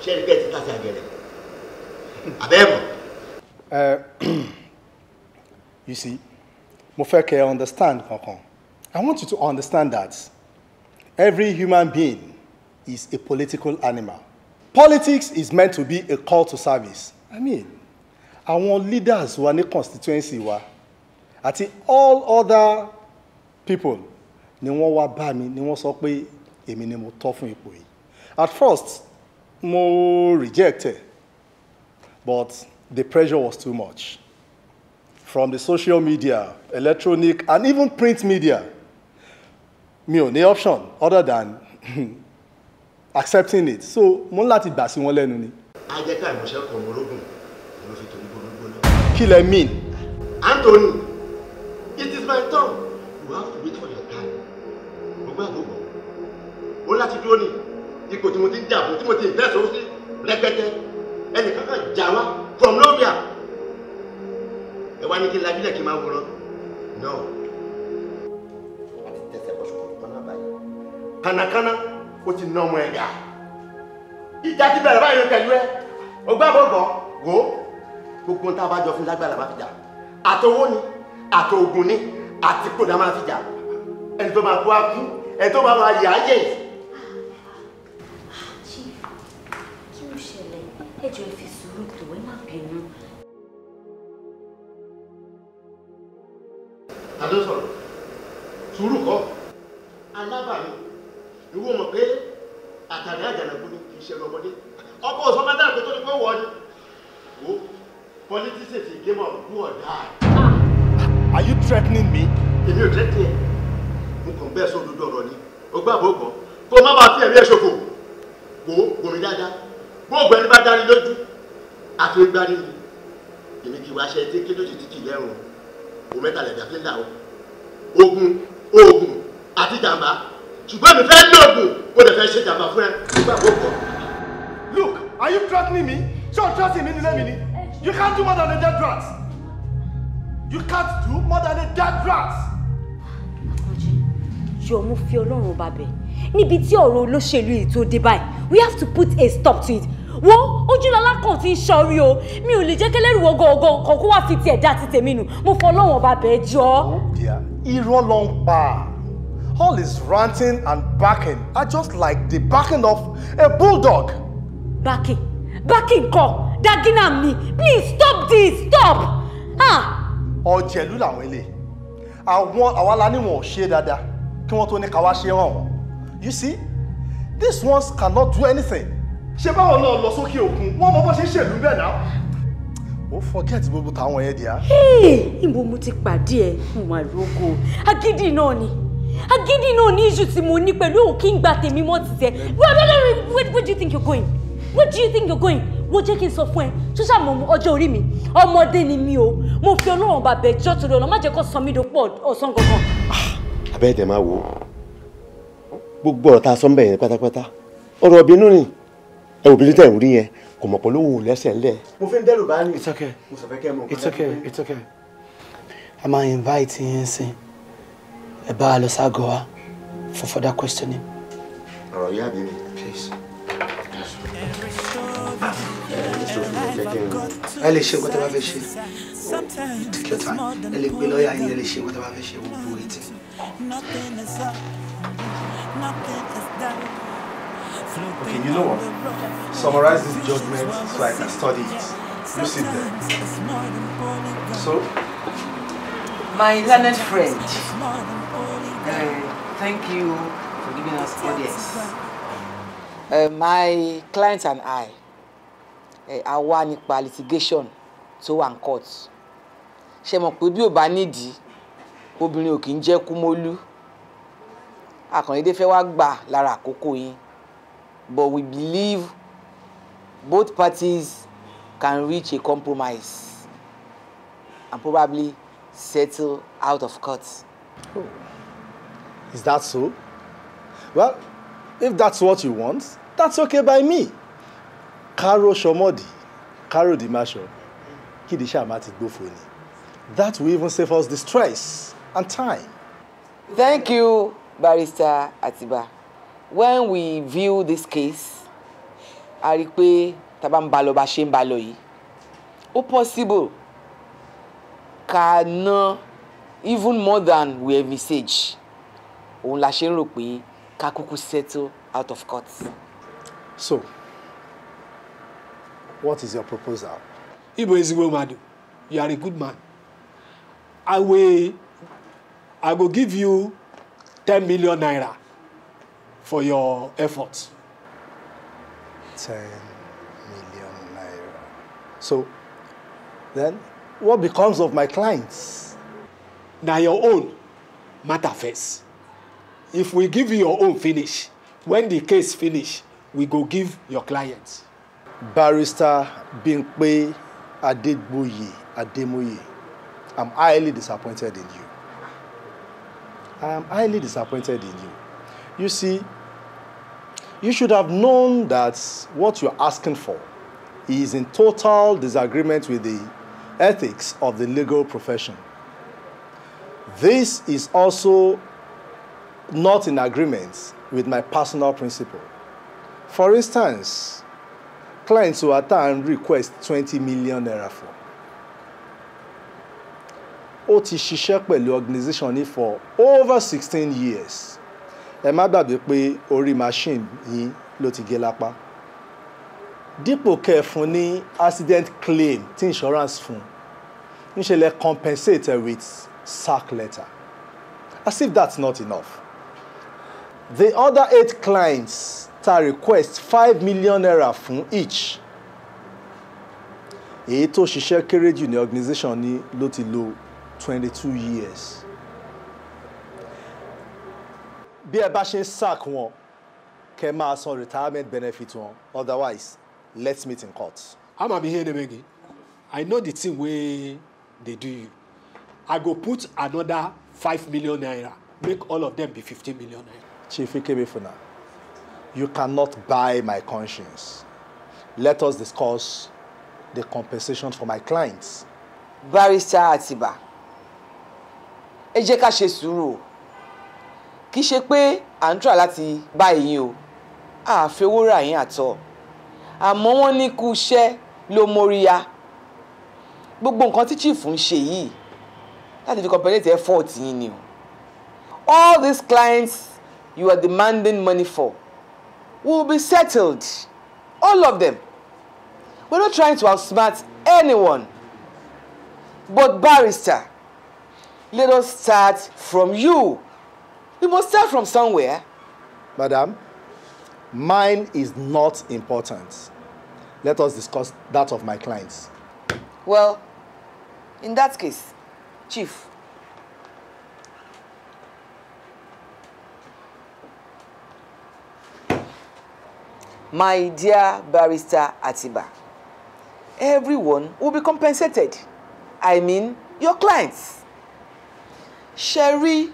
ṣe ẹ̀rí ti tàṣà gẹ̀rẹ̀ àbẹ́ẹ̀mọ̀. you see mo fẹ́ kẹ́ understand kankan I want you to understand that every human being is a political animal. Politics is meant to be a call to service. I mean, àwọn leaders who wa ní constituency I think all other people ni wọ́n wá bá mi ni wọ́n sọ pé èmi ni mo tọ́ fún ipò yìí. At first, mo rejected, but the pressure was too much. From the social media, electronic and even print media, mi ò ní option other than accepting it so mo ń láti gbà sí wọn lẹ́nu ni. a jẹ́ ká ìmọ̀ṣẹ́ kọ̀ ọmọ ológun ló fi tòun gbóná. kí lẹ mean. Anthony it is my turn you have to wait for your time mo gbàgbọ́ bọ̀ ó láti dúró ní ipò tí mo ti ń jà fún tí mo ti ń tẹ̀sán sí rẹpẹtẹ ẹnìkan kan jà wá from nowhere ẹ wá ní kí n lajú lẹ̀ kí n máa wúrọ̀ náà. wọ́n ti tẹ̀sẹ̀ bọ́sùn kọ́nà báyìí ó ti ná ọmọ ẹ̀ gà ìjà ti bẹ̀rẹ̀ báyìí pẹ̀lú ẹ ọgbàgbọ́gbọ́ wò ó gbogbo tá a bá jọ fún lágbára máa fi jà àtowó ni àtogun ni àti kódà máa fi jà ẹni tó máa kó akú ẹni tó máa máa yà á yẹ. kí ló ṣẹlẹ̀ ẹjọ́ ẹ fi sùúrù tó ẹ má bínú. ta ló sọ̀rọ̀ sùúrù kọ́ alábàámi ìwọ mọ̀ pé àtàrí àjànàkú ni kì í ṣe ọmọdé ọkọ òsọmọdé àpótó ni pé wọ́n ni wò politics is game of do or die. Ah! are you threatening me. èmi ò tẹ́tẹ́ ẹ̀ mo kàn bẹ́ẹ̀ sódodo ọ̀rọ̀ ni ó gbàgbọ́ gbọ́ kó má bàa fi ẹ̀mí ẹ̀ ṣòfò wò ó gòmí dáadáa bó ògbẹ́ ni bá dání lójú àti gbani ni èmi kì í wá ṣe tí kí ló ti ti kì í lẹ́rùn o mẹ́ta lẹ̀dá fi ń dà o ogun oògùn àti jàǹbá ṣùgbọ́n mi fẹ́ lóògùn o lè fẹ́ ṣe jàmbá fún ẹ nígbà gbogbo. Look, are you threatening me? So o trust mi nílé mi ni? You can't do more than a dead rat. You can't do more than a dead rat. Akànjí, jọ̀ọ́ mo fi Ọlọ́run bá bẹ̀. Níbi tí ọ̀rọ̀ olóṣèlú yìí tó dé báyìí, we have to put a stop to it wo ojúlọlá kan ti ń ṣọrí o mi ò lè jẹ́ kẹlẹ́rù ọgọ́ọ̀gọ́ kan kó wá fi tiẹ̀ dá ti tèmi nù mo fọ ọlọ́wọ́n bá bẹ́ẹ̀ jọ. Oh irọ́ ló ń pa All his ranting and barking are just like the barking of a bulldog. Barking? Barking kọ dagin am ni please stop this stop. Ah! làwọn ilé àwọn àwa la ní wọn ò ṣe dáadáa kí wọ́n tó ní káwá ṣe hàn you see these ones cannot do anything. Sheba báwọn náà lọ sókè òkun wọ́n mọ bó ṣe ń ṣèlú bẹ́ẹ̀ náà ó forget gbogbo táwọn yẹn di a. ìbò mo ti pàdé ẹ mo rogo agídí náà ni agídí náà ní iṣu tí mo ní pẹ̀lú òun gba tèmi mọ́ ti tẹ̀ where where do you think you're going where do you think you're going wo jẹ́ kí n sọ fún ẹ tó ṣàmọ̀ ọjọ́ orí mi ọmọdé ni mi o mo fi ọlọ́run bàbẹ̀ jọ́ torí ọ̀nà má jẹ́ kó sọmí dòpọ̀ ọ̀sán gangan. Ah, abẹ́rẹ́ tẹ̀ máa wò ó gbogbo ọ̀rọ̀ tá a sọ ń bẹ̀ yẹn pátápátá ọ̀rọ̀ ọ̀bínú ni ẹ wò bínú tẹ̀ ń rí yẹn kò mọ̀ pọ̀ lóhùn lẹ́sẹ̀ ńlẹ̀. mo fi ń dẹ́rù bá ní. it's okay it's okay it's okay Am I inviting? yín sí ẹ bá a lọ ságọ́ wa for further questioning. ọ̀rọ̀ yá bí mi please. Ah, ẹ lè ṣe nǹkan tó bá take your time ẹ lè pe lọ́ọ̀yà yín ẹ lè ṣe nǹkan tó bá fẹ́ ṣe wọ́n bu etí. Okay, you know what? Summarize this judgment so I can study it. You sit there. So? My learned friend, thank you for giving us audience. Uh, my client and I, uh, a wá nípa litigation tó wà ní court. Ṣé mọ̀ pé bí ò bá nídìí, obìnrin ò kì í jẹ́ kú mólú. Akànnídé fẹ́ wá gbà lára àkókò yín. But we believe both parties can reach a compromise and probably settle out of court. Oh. Is that so? Well, if that's what you want, that's okay by me. Karo Shomodi, Karo Dimasho, Kidisha Amati Gbofoni. That will even save us the stress and time. Thank you, Barrister Atiba. When we view this case, a rí pé tá bá ń possible ká even more than we envisage òun la ṣe ń rò pé ká kúkú settle out of court. so what is your proposal. ibo ezigbo mmadụ you are a good man i will i go give you ten million naira for your effort. ten million naira so then what becomes of my clients. na your own matter first. if we give you your own finish when the case finish we go give your clients. barrister Binkwe Adedboye ademoye i'm highly disappointed in you i am highly disappointed in you you see you should have known that what you're asking for is in total disagreement with the ethics of the legal profession this is also not in agreement with my personal principle. For instance, clients who attend request 20 million naira for. Ó ti ṣiṣẹ́ pẹ̀lú organisation ní for over 16 years. Ẹ má gbàgbé pé orí machine yín ló ti gé lápá. Dípò kẹfun ní accident claim tí insurance fún ń ṣe lè compensate with sack letter as if that's not enough the other eight clients ta request five million naira fún each èyí tó ṣiṣẹ́ kéré jù ní organisation ni ló ti lò twenty two years bí ẹ bá ṣe ń sack wọn kẹ máa san retirement benefit wọn otherwise let's meet in court. ama be here demege i know the thing wey dey do you i go put another five million naira make all of them be fifteen million naira. Chief Ikebefuna, you cannot buy my conscience. Let us discuss the compensation for my clients. Barrister Atiba, ẹ jẹ́ ká ṣe sùúrù o. Kì í ṣe pé à ń tà láti bá yín o. Àfẹ́wó rà yín àtọ̀. Àmọ́ wọ́n ní kú iṣẹ́ ló móríyá. Gbogbo nǹkan tí chief ń ṣe yìí láti fi compensate ẹ̀ fọ́ọ̀tì yín All these clients you are demanding money for will be settled. All of them. We're not trying to outsmart anyone. But, barrister, let us start from you. We must start from somewhere. Madam, mine is not important. Let us discuss that of my clients. Well, in that case, Chief, my dear barrister Atiba, everyone will be compensated. I mean, your clients. Sherry rí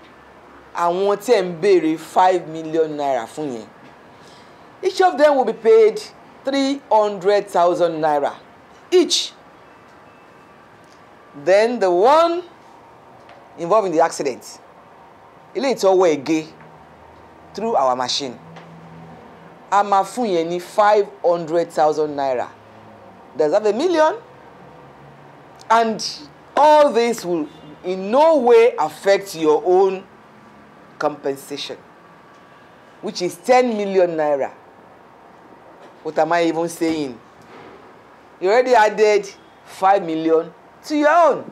àwọn tí ẹ̀ five million naira fún yẹn. Each of them will be paid three hundred thousand naira each. Then the one involving the accident, eléyìí tó wọ through our machine a máa fún yẹn ní five hundred thousand naira does that have a million and all this will in no way affect your own compensation which is ten million naira what am I even saying you already added five million to your own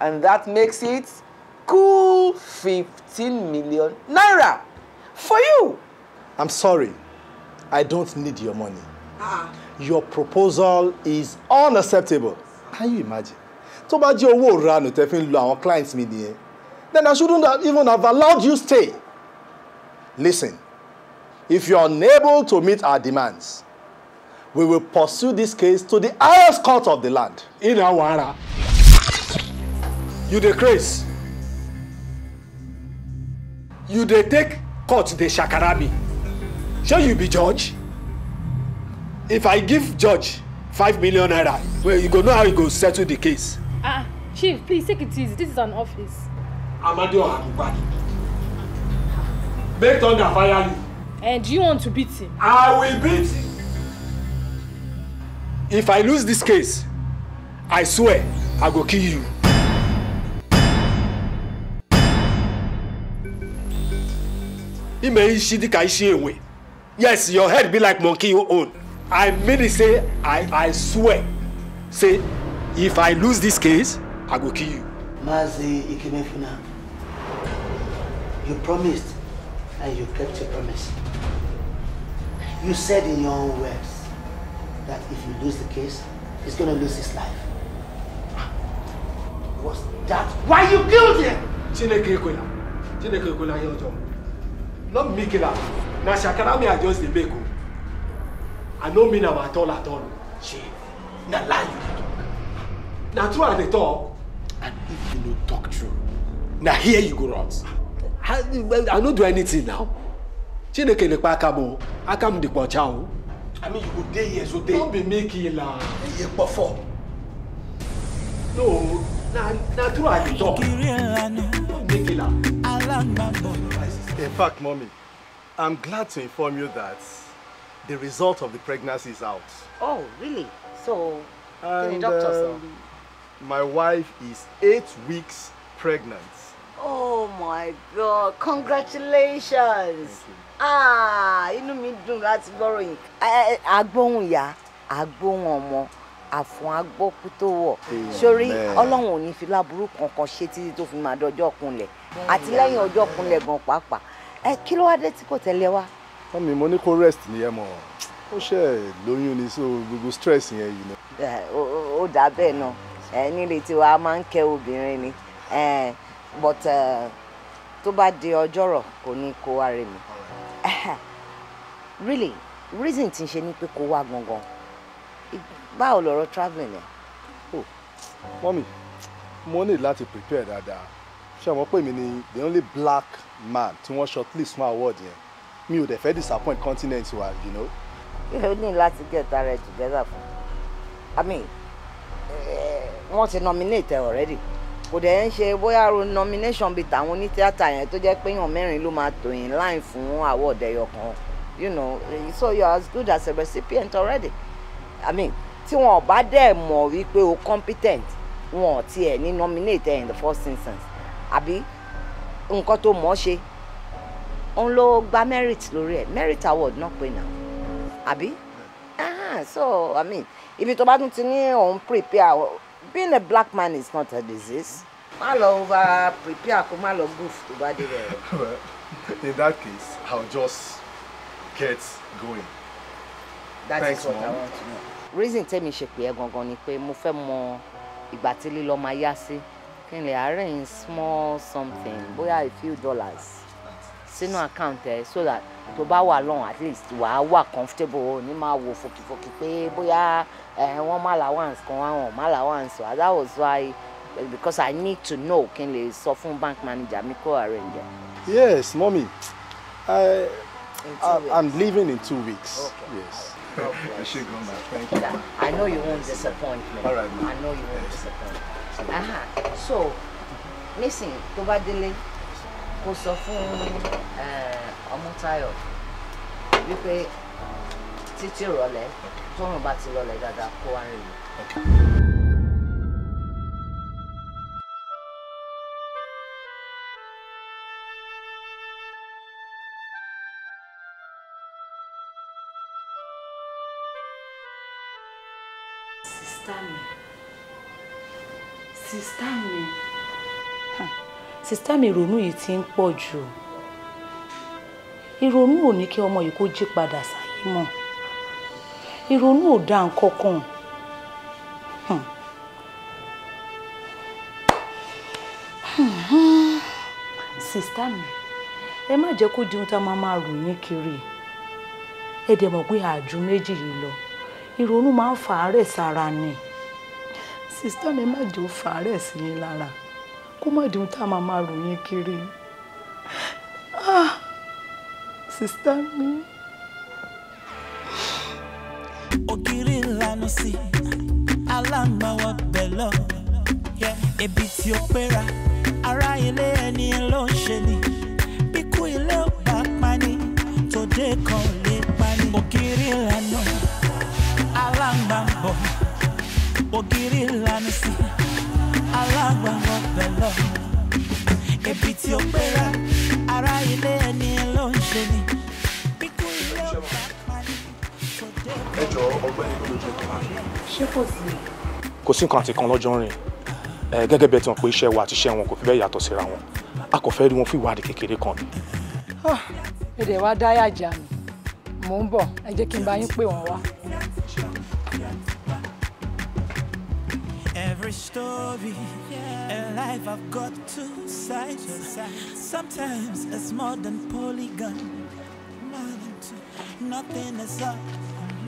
and that makes it cool fifteen million naira for you. I'm sorry I don't need your money. Uh-uh. Your proposal is unacceptable. Can you imagine? Tó bá jẹ́ owó ìranù tẹ́ fi ń lo àwọn clients mi nìyẹn. Then I shouldn't have even have allowed you stay. Listen, if you are unable to meet our demands, we will pursue this case to the highest court of the land. Ina wara. You dey craze. You dey take court dey shakara me shey you be judge if i give judge five million naira well you go know how you go settle the case. ah chief please take it easy this is an office. amadio amugbadi make thunder fire you. and eh, you want to beat him. i will beat him. if i lose this case i swear i go kill you. ime isi dịka isi enwe yes your head be like monkey own i mean it say i i swear say if i lose this case i go kill you. Mazi Ikemefuna, you promised and you kept your promise. You said in your own words that if you lose the case, he's gonna lose his life. Was that why you killed him? Chineke Ekwela. Chineke Ekwela, Not me killer na shakara me i just dey make o i no mean am at all at all she na lie na true i dey talk and if you don't talk true Now, here you go rot i well, i don't do anything now chineke lekpa aka m I come m dịkwa ọcha o i mean you go day here so dey no be making e la iye kpọfọ no now, na true i dey talk no make e la. in fact mommy I'm glad to inform you that the result of the pregnancy is out. Oh, really? So, and, the doctor? Um, my wife is eight weeks pregnant. Oh my God! Congratulations! Ah, you mi dùn láti gbọ́rọ̀ yìí. Agbóhùn agbon ya, agbon omo, afun tó kuto wo. Ọlọ́run ò ní fi láburú kankan ṣe títí tó fi máa dọjọ́ kunlẹ̀. Àti lẹ́yìn ọjọ́ kunlẹ̀ gan pàápàá ẹ kí ló wá dé tí kò tẹ̀lé wa. mọ́mí mo ní kó rest nìyẹn mọ̀ ó ṣe lóyún ni so gbogbo stress yẹn yìí ni. ó dà bẹ́ẹ̀ náà ẹ nílé tiwa a máa ń kẹ́ obìnrin ni but tó bá di ọjọ́rọ̀ kò ní kó wá rè mí really reason ti ń ṣe ni pé kó wá gangan báwo lọ̀rọ̀ travelling yẹn. oh mọ́mí mo ní láti prepare dáadáa ṣé àwọn pè mí ni the only black man tí wọ́n shortlist fún award yẹn mi ò dẹ̀ fẹ́ disappoint continent wa you know. ó ní láti get ara ẹ̀ together fún i mean eh, wọ́n ti nominate ẹ̀ already kò dẹ̀ ń ṣe bóyá ro nomination bíi tàwọn onítìátà yẹn tó jẹ́ pé èèyàn mẹ́rin ló máa tò yín láì fún award ẹ̀yọ you know so you are as good as a recipient already i mean tí wọn ò bá dẹ̀ mọ̀ wípé o competent wọn ò tiẹ̀ ní nominate ẹ̀ in the first instance àbí nǹkan tó mọ̀ ọ́ ṣe òun ló gba merit lórí ẹ̀ merit award náà pé náà àbí so i mean ibi tó bá tún ti ní òun prepare being a black man is not a disease má lọ over prepare kó má lọ goof tó bá dé rẹ̀. in that case i will just get going. that Thanks, is what mom. i want to know. reason tẹ́mi ṣe pè é gangan ni pé mo fẹ́ mọ ìgbà tí lílọ́ máa yá sí. Si kí arrange small something bóyá a few dollars sínú account ẹ so that tó bá wà lọ́hùn at least wàá wà comfortable ní máa wo fòkìfòkì pé bóyá wọ́n má allowance kan wọ́n má allowance wa that was why because I need to know kí n lè sọ fún bank manager mi kó arrange ẹ. yes mummy i I'm, i'm leaving in two weeks. Okay. yes. Okay. I, know you won't disappoint me. All right, I know you won't disappoint me so nísìnyí tó bá délé kó sọ fún Ọmọ́táyọ̀ wípé títí ìrọ̀lẹ́ tóun bá ti lọlẹ̀ dáadáa kó wá rìn lọ. sista mi ìrònú yìí ti ń pọ̀ jù ìrònú ò ní kí ọmọ yìí kó jí padà sáyé mọ́ ìrònú ò dá nǹkan kan hmm. hmm. sista mi ẹ má jẹ́ kó di ohun tá a máa máa rò yín kiri ẹ dẹ̀ mọ̀ pé àjù méjì yìí lọ ìrònú máa ń fàárẹ̀ sára ni sista má jẹ́ ó fàárẹ̀ sí yín lára kó má di ohun tá a máa máa ròyìn kiri ah sista mi. ògiri lanu sí aláǹgbáwọ bẹ̀ lọ ebi tí ó pera ara ilé ẹni ló ń ṣe ni bíkú ilé ò bá pani tòde kan lè pani ògiri lanu aláǹgbá bọ̀ ògiri lanu sí alágbàmọ̀ pẹ̀lọ́ ebi tí ó gbéra ara ilé ẹni ló ń ṣe ni kíkú ilé ọ̀gá pani kò dé. ẹ jọ ọ̀gbẹ́ni ló ló jẹ kó máa ṣe. sí. nǹkan àti kan lọ́jọ́ rìn gẹ́gẹ́ bí ẹ ti mọ̀ iṣẹ́ wa àti iṣẹ́ wọn kò fi bẹ́ẹ̀ yàtọ̀ síra wọn a kò fẹ́ rí wọn fún ìwádìí kékeré kan ni. Ah, èdè wa dáyà jà mí mò ń bọ̀ ẹ jẹ́ kí n bá yín pè wọ́n wá. every story yeah. in life I've got two sides. Sometimes it's more than polygon. More than two. Nothing is up.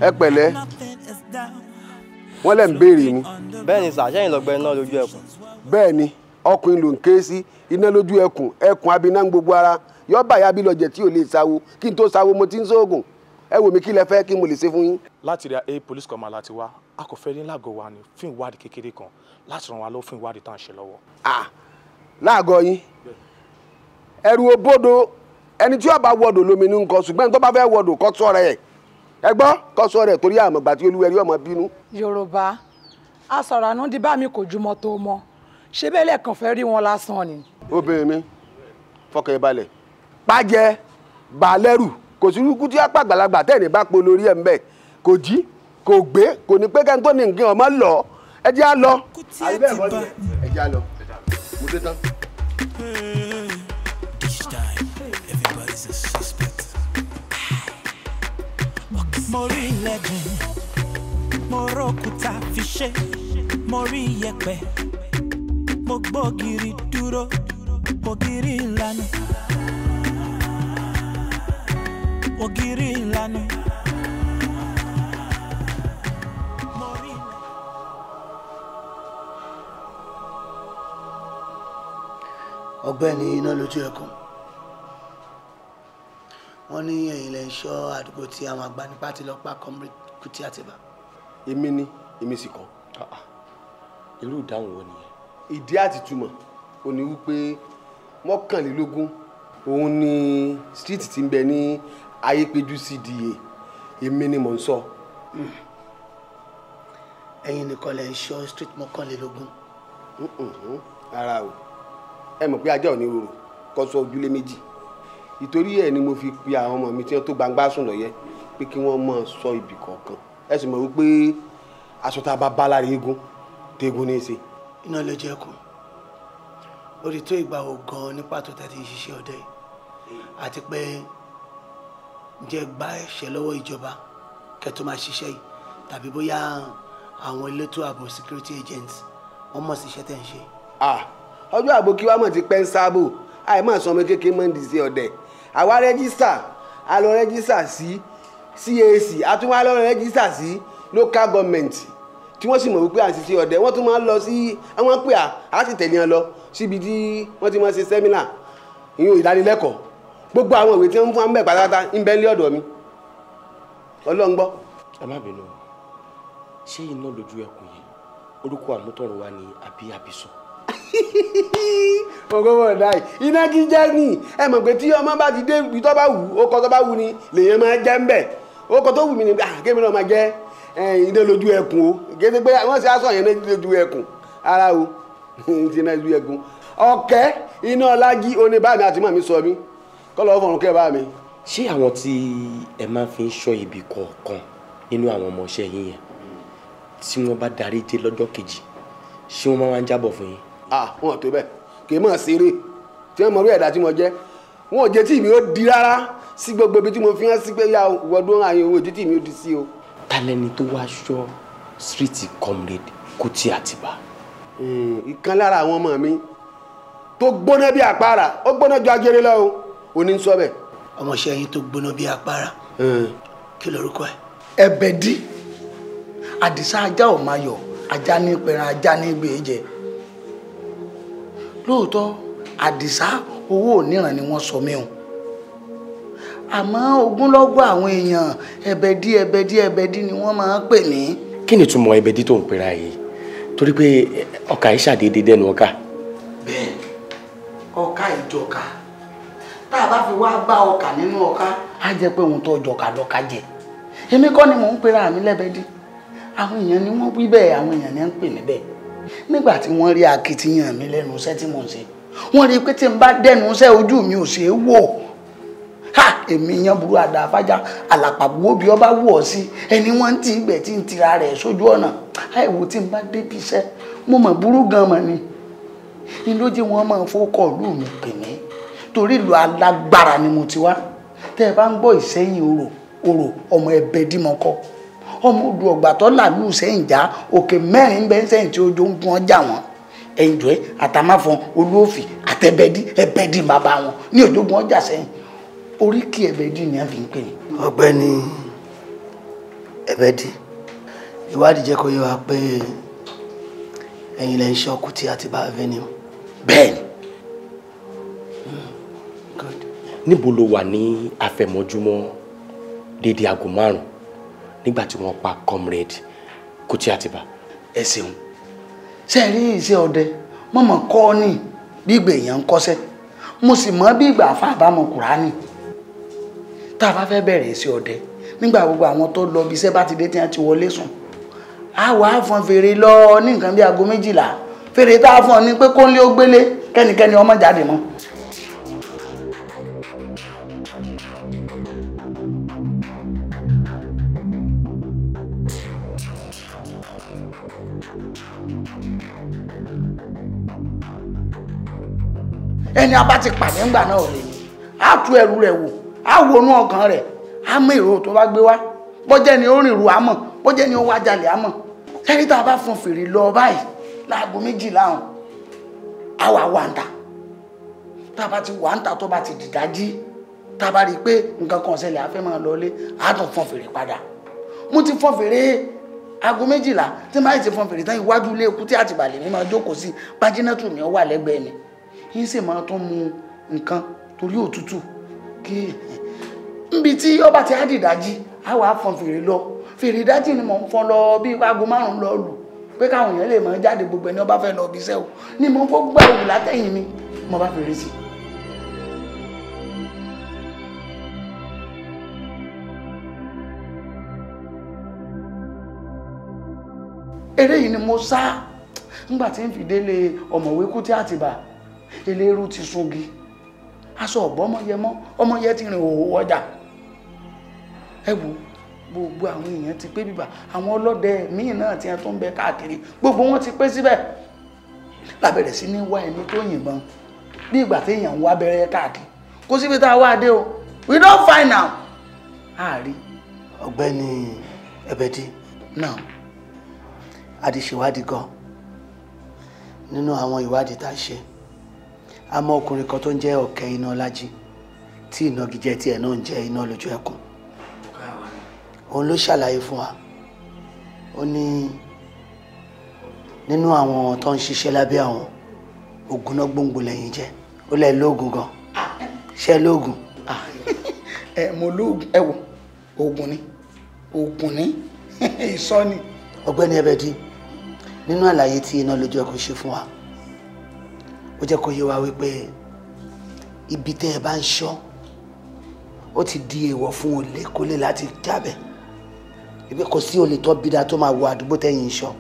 Ẹ pẹ̀lẹ́. Nothing is down. Wọ́n lẹ́ ń béèrè mi. Bẹ́ẹ̀ni sàṣẹ́yìn lọ́gbẹ́ náà lójú ẹkùn. Bẹ́ẹ̀ni ọkùnrin ló ń ké sí iná lójú ẹkùn ẹkùn abiná ń gbogbo ara yọ bàyà bí tí ò lè sáwo kí n tó sáwo mo ti ń sóògùn ẹ wò mí kí lẹ fẹ́ kí mo lè ṣe fún yín. láti rí a police commander láti wá a kò fẹ́ ní lágọ̀ọ́ wa ni fún ìwádìí kékeré kan láti ràn wá lọ́wọ́ fún ìwádìí tá à ń ṣe lọ́wọ́. láàgọ́ yín ẹrù òbodò ẹni tí yóò bá wọdò lómi ní nǹkan ṣùgbọ́n tó bá fẹ́ wọdò kọ́ sọ́ra ẹ̀ ẹ gbọ́ kọ́ sọ́ra ẹ̀ torí àmọ̀gbà tí olúwẹ̀rí ọmọ bínú. yorùbá asọ̀rọ̀ àná di bá mi kò jùmọ̀ tó mọ ṣé bẹ́ẹ̀ lẹ́ẹ̀kan fẹ́ rí wọn lásán ni. obìnrin mi fọkàn ẹ balẹ̀ pàjẹ́ bàálẹ́rù kò sí irúkú tí apá àgbàlagbà tẹ́ẹ̀ ní bá polórí ẹ̀ ń bẹ̀ kò jí kò gbé kò ní pé kẹ́ńtó ní nǹkan ọmọ lọ́ọ́ ẹ jẹ́ á lọ. àbí bẹ́ẹ̀ kọ́ ni ẹ jẹ́ á lọ mo dé tán. mo rí ilẹ̀ jìn mo rókúta fi ṣe mo rí iyẹ̀pẹ̀ mo gbógiri dúró ògiri ńlá ògiri ńlá ọ̀gbẹ́ni iná lójú ẹkùn wọ́n ní ẹ̀yin lẹ ń ṣọ́ àdúgbò tí àwọn agbanipa ti lọ pa comrade Kuti Atiba. èmi ni èmi sì kàn ah, irú ìdáhùn wo nìyẹn. ìdí àtìtumọ̀ ò ní wípé mọ́kànlélógún òun ni street ti ń bẹ ní ayépejú cda èmi ni mò ń sọ. ẹ̀yin nìkan lẹ ń ṣọ́ street mọ́kànlélógún. rárá o ẹ mọ̀ pé ajá ò ní rorò kọ́ sọ ojúlé méjì ìtorí ẹ̀ ni mo fi pe àwọn ọmọ mi tí wọ́n tó gbangba sùn lọ́yẹ pé kí wọ́n mọ̀ sọ ibì kọ̀ọ̀kan ẹ sì mọ̀ wípé aṣọ tá a bá bá lára eégún téégún ní í ṣe. iná ló jẹ́ kù ó ti tó ìgbà wo gan-an ní pàtó tẹ́tí ṣiṣẹ́ ọdẹ àti pé ǹjẹ́ gba ẹ̀ṣẹ̀ lọ́wọ́ ìjọba kẹ́tó máa ṣiṣẹ́ yìí tàbí bóyá àwọn elétò ààbò security agents wọ́n mọ̀ sí iṣẹ́ tẹ̀ ń ṣe. ah ọjọ́ àbò kí wàá mọ̀ ti pẹ́ ń sábò àìmọ̀ sọmọ kékeré mọ́ ń di sí ọ̀dẹ̀ àwa rẹ́gísítà a lọ rẹ́gísítà sí CAC a tún wá lọ rẹ́gísítà sí local government tí wọ́n sì mọ̀ wípé à ń ṣiṣẹ́ ọ̀dẹ̀ wọ́n tún máa ń lọ sí àwọn pé à sì tẹ̀lé wọn lọ síbi tí wọ́n ti máa ṣe sẹ́mínà ìyún ìdánilẹ́kọ̀ọ́ gbogbo àwọn ìwé tí wọ́n ń fún wa ń bẹ̀ pátápátá ń bẹ́ lé ọ̀dọ̀ mi ọlọ́run gbọ́. ẹ má bínú ṣé iná lójú ẹkùn yìí orúkọ àmútọ̀run wa ni àbí àbísọ̀ ogowó ọ̀dà yìí iná jíjẹ́ ni ẹ mọ̀ pé tí ọmọ bá ti dé ibi tó bá wù ó kọ́ tó bá wù ni lèyẹn máa jẹ́ ńbẹ̀ ó kọ́ tó wù mí ni ah, kémi náà máa jẹ́ iná lójú ẹkùn o kéde pé wọ́n ṣe aṣọ yẹn náà lójú ẹkùn ara o ti iná lójú ẹkùn ọ̀kẹ́ iná ọlájí oní bá mi àti màmí sọ mí kọ́ lọ́wọ́ fọ̀rùn kẹ́ bá mi. ṣé àwọn tí ẹ máa fi ń ṣọ́ ibi kọ̀ọ̀kan nínú àwọn ọmọọṣẹ́ yín yẹn tí wọ́n bá darí dé lọ́jọ́ kejì ṣé wọ́n máa ń jábọ̀ fún yín ah wọn tó bẹ́ẹ̀ kì í mọ̀ ṣeré tí wọ́n mọ̀ orí ẹ̀dá tí mo jẹ́ wọn ò jẹ́ tí mi ò di rárá sí gbogbo ibi tí mo fi hàn sí pé ya wọ́dún àyẹ̀wò ojú tí mi ò di sí o. ta lẹni tó wá aṣọ street comrade Kuti Àtìbà. Hmm, ìkan lára àwọn ọmọ mi tó gbóná bí àpárá ó gbóná ju ajere lọ o òní ń sọ bẹ́ẹ̀. ọmọọṣẹ́ yín tó gbóná bí àpárá hmm. kí lorúkọ ẹ. ẹ̀bẹ̀dí àdìsá ajá ò máa yọ ajá ní pẹran ajá ní gbèjẹ lóòótọ́ àdìsá owó òníran ni wọ́n sọ mí o àmọ́ ogúnlọ́gọ̀ àwọn èèyàn ẹ̀bẹ̀dí ẹ̀bẹ̀dí ẹ̀bẹ̀dí ni wọ́n máa ń pè ní. kí ni ìtumọ̀ ẹ̀bẹ̀dí tó ń pera yìí torí pé ọkà yìí ṣàdédé dẹnu ọkà. bẹ́ẹ̀ ọkà ìjọka tá a bá fi wá gbá ọkà nínú ọkà á jẹ pé òun tó jọka lọkà jẹ èmi kọ́ ni mò ń pera mi lẹ́bẹ̀dí àwọn èèyàn ni wọ́n wí bẹ́ẹ̀ àwọn èèyàn ni wọ́n pè mí bẹ́ẹ̀ nígbà tí wọ́n rí akitiyan mi lẹ́nu iṣẹ́ tí mò ń ṣe wọ́n rí i pé tí n bá dẹ́nu iṣẹ́ ojú mi ò ṣeé wò ha èmi yan burú àdá afájá àlàpàbùwò bí ọba wù ọ sí ẹni wọ́n ń ti ibẹ̀ tí ń tira rẹ̀ sójú ọ̀nà àìwò tí n bá débi iṣẹ́ mo mọ̀ burú gan mọ̀ ni ni ló máa fọ́kọ̀ lù mí pè mí torí ìlú alágbára ni mo ti wá tẹ́ ẹ bá ń gbọ́ ìsẹ́yìn orò orò ọmọ ẹbẹ dímọ̀kọ́ ọmọ odò ọ̀gbà tó làlú sẹ́yìn já òkè mẹ́rin bẹ́ẹ̀ sẹ́yìn tí ojú ń gún ọjà wọn ẹ̀ǹjọ́ àtàmáfọn olúòfì àtẹ̀bẹ̀dì ẹ̀bẹ̀dì bàbá wọn ní òjògùn ọjà sẹ́yìn oríkì ẹ̀bẹ̀dì ni a fi ń pè ní. ọ̀gbẹ́ni ẹ̀bẹ̀dì ìwádìí jẹ́ kó yé wa pé ẹ̀yin lẹ́yìn ṣọ́ọ̀kù tí a ti bá avenue. bẹ́ẹ̀ni. Hmm, níbo ló wà ní àfẹ̀mọ́júmọ́ déédéé aago márùn nígbà tí wọ́n pa comrade Kuti Atiba ẹ ṣeun ṣe rí iṣẹ́ ọdẹ mo mọ̀ kọ́ ni bí ìgbà èèyàn ń kọ́ṣẹ́ mo sì mọ̀ bí ìgbà àfa àbámọ̀ kùránì tá a bá fẹ́ bẹ̀rẹ̀ iṣẹ́ ọdẹ nígbà gbogbo àwọn tó lọ bí iṣẹ́ bá ti dé tí wọ́n ti wọlé sùn a wà á fọn fèrè lọ ní nǹkan bí aago méjìlá fèrè tá a fọn ni pé kóńlé ó gbélé kẹ́nikẹ́ni ọmọ jáde mọ́ ẹni abá ti pàdé ńgbà náà ò lè ní á tú ẹrù rẹ̀ wò á wonú ọkàn rẹ̀ á mú èrò tó bá gbé wá bọ́jẹ́ ni ó rìn rù àmọ̀ bọ́jẹ́ ni ó wá jalè àmọ̀ sẹ́ni tá a bá fọn fèrè lọ báyìí láago méjìlá ọ̀hún á wà wà ta tá a bá ti wà ta tó bá ti dìdájí tába rí i pé nǹkan kan ṣẹlẹ̀ afẹ́ máa lọlé àátọ̀ fọn fèrè padà mo ti fọn fèrè aago méjìlá tí máa ti fọn fèrè tán iwájú ilé ikú tí àtìbàlẹ̀ mi máa jókòó sí pájínátù mi wà lẹ́gbẹ̀ẹ́ mi yín sì máa tún mu nǹkan torí òtútù kí níbi tí ọba ti ádìdájí á wàá fọn fèrè lọ fèrè dájì ni mò ń fọn lọ bí aago márùn-ún lọ lù pé káwọn èèyàn lè máa jáde gbogbo ẹni ọba fẹ́ lọ bí iṣẹ́ o ni mo gbọ́ gbà òwú látẹ̀yìn mi mo bá fèrè sí i. eré yìí ni mo sá nígbà tí ń fi délé ọ̀mọ̀wé Kútì Àtìbà eléérú ti sungi aṣọ ọ̀gbọ́ ọmọyẹmọ́ ọmọyẹ ti rìn òwò ọjà ẹ wo gbogbo àwọn èèyàn ti pé bíbà àwọn ọlọ́dẹ míì náà ti ẹ tó ń bẹ káàkiri gbogbo wọn ti pé síbẹ̀ lábẹ̀rẹ̀ sí ní wá ẹni tó yìnbọn bí ìgbà téèyàn ń wá abẹ́rẹ́ káàkiri kó síbi tá a wá dé o we don find am. àárí ọ̀gbẹ́ni ẹ̀bẹ̀dì náà a ti ṣèwádìí gan nínú àwọn ìwádìí tá a ṣe a mọ ọkùnrin kan tó ń jẹ́ ọ̀kẹ́ iná lájí tí ìnagijẹ tiẹ̀ náà ń jẹ́ iná lójú ẹkùn òun ló ṣàlàyé fún wa ó ní nínú àwọn tó ń ṣiṣẹ́ lábẹ́ àwọn ògùn náà gbòǹgbò lẹ́yìn jẹ́ ó lẹ́ lóògùn gan ṣe lóògùn ẹ mo lóògùn ẹ wò oògùn ni oògùn ni ìsọ ni ọ̀gbẹ́ni ẹbẹ dín nínú àlàyé tí iná lójú ọkọ̀ ṣe fún wa ó jẹ́ kó yé wa wípé ibi tẹ́ ẹ bá ń ṣọ́ ó ti di èèwọ̀ fún olè kólé láti jábẹ̀ ibi kò sí olè tó bídà tó máa wọ àdúgbò tẹ́yìn ṣọ́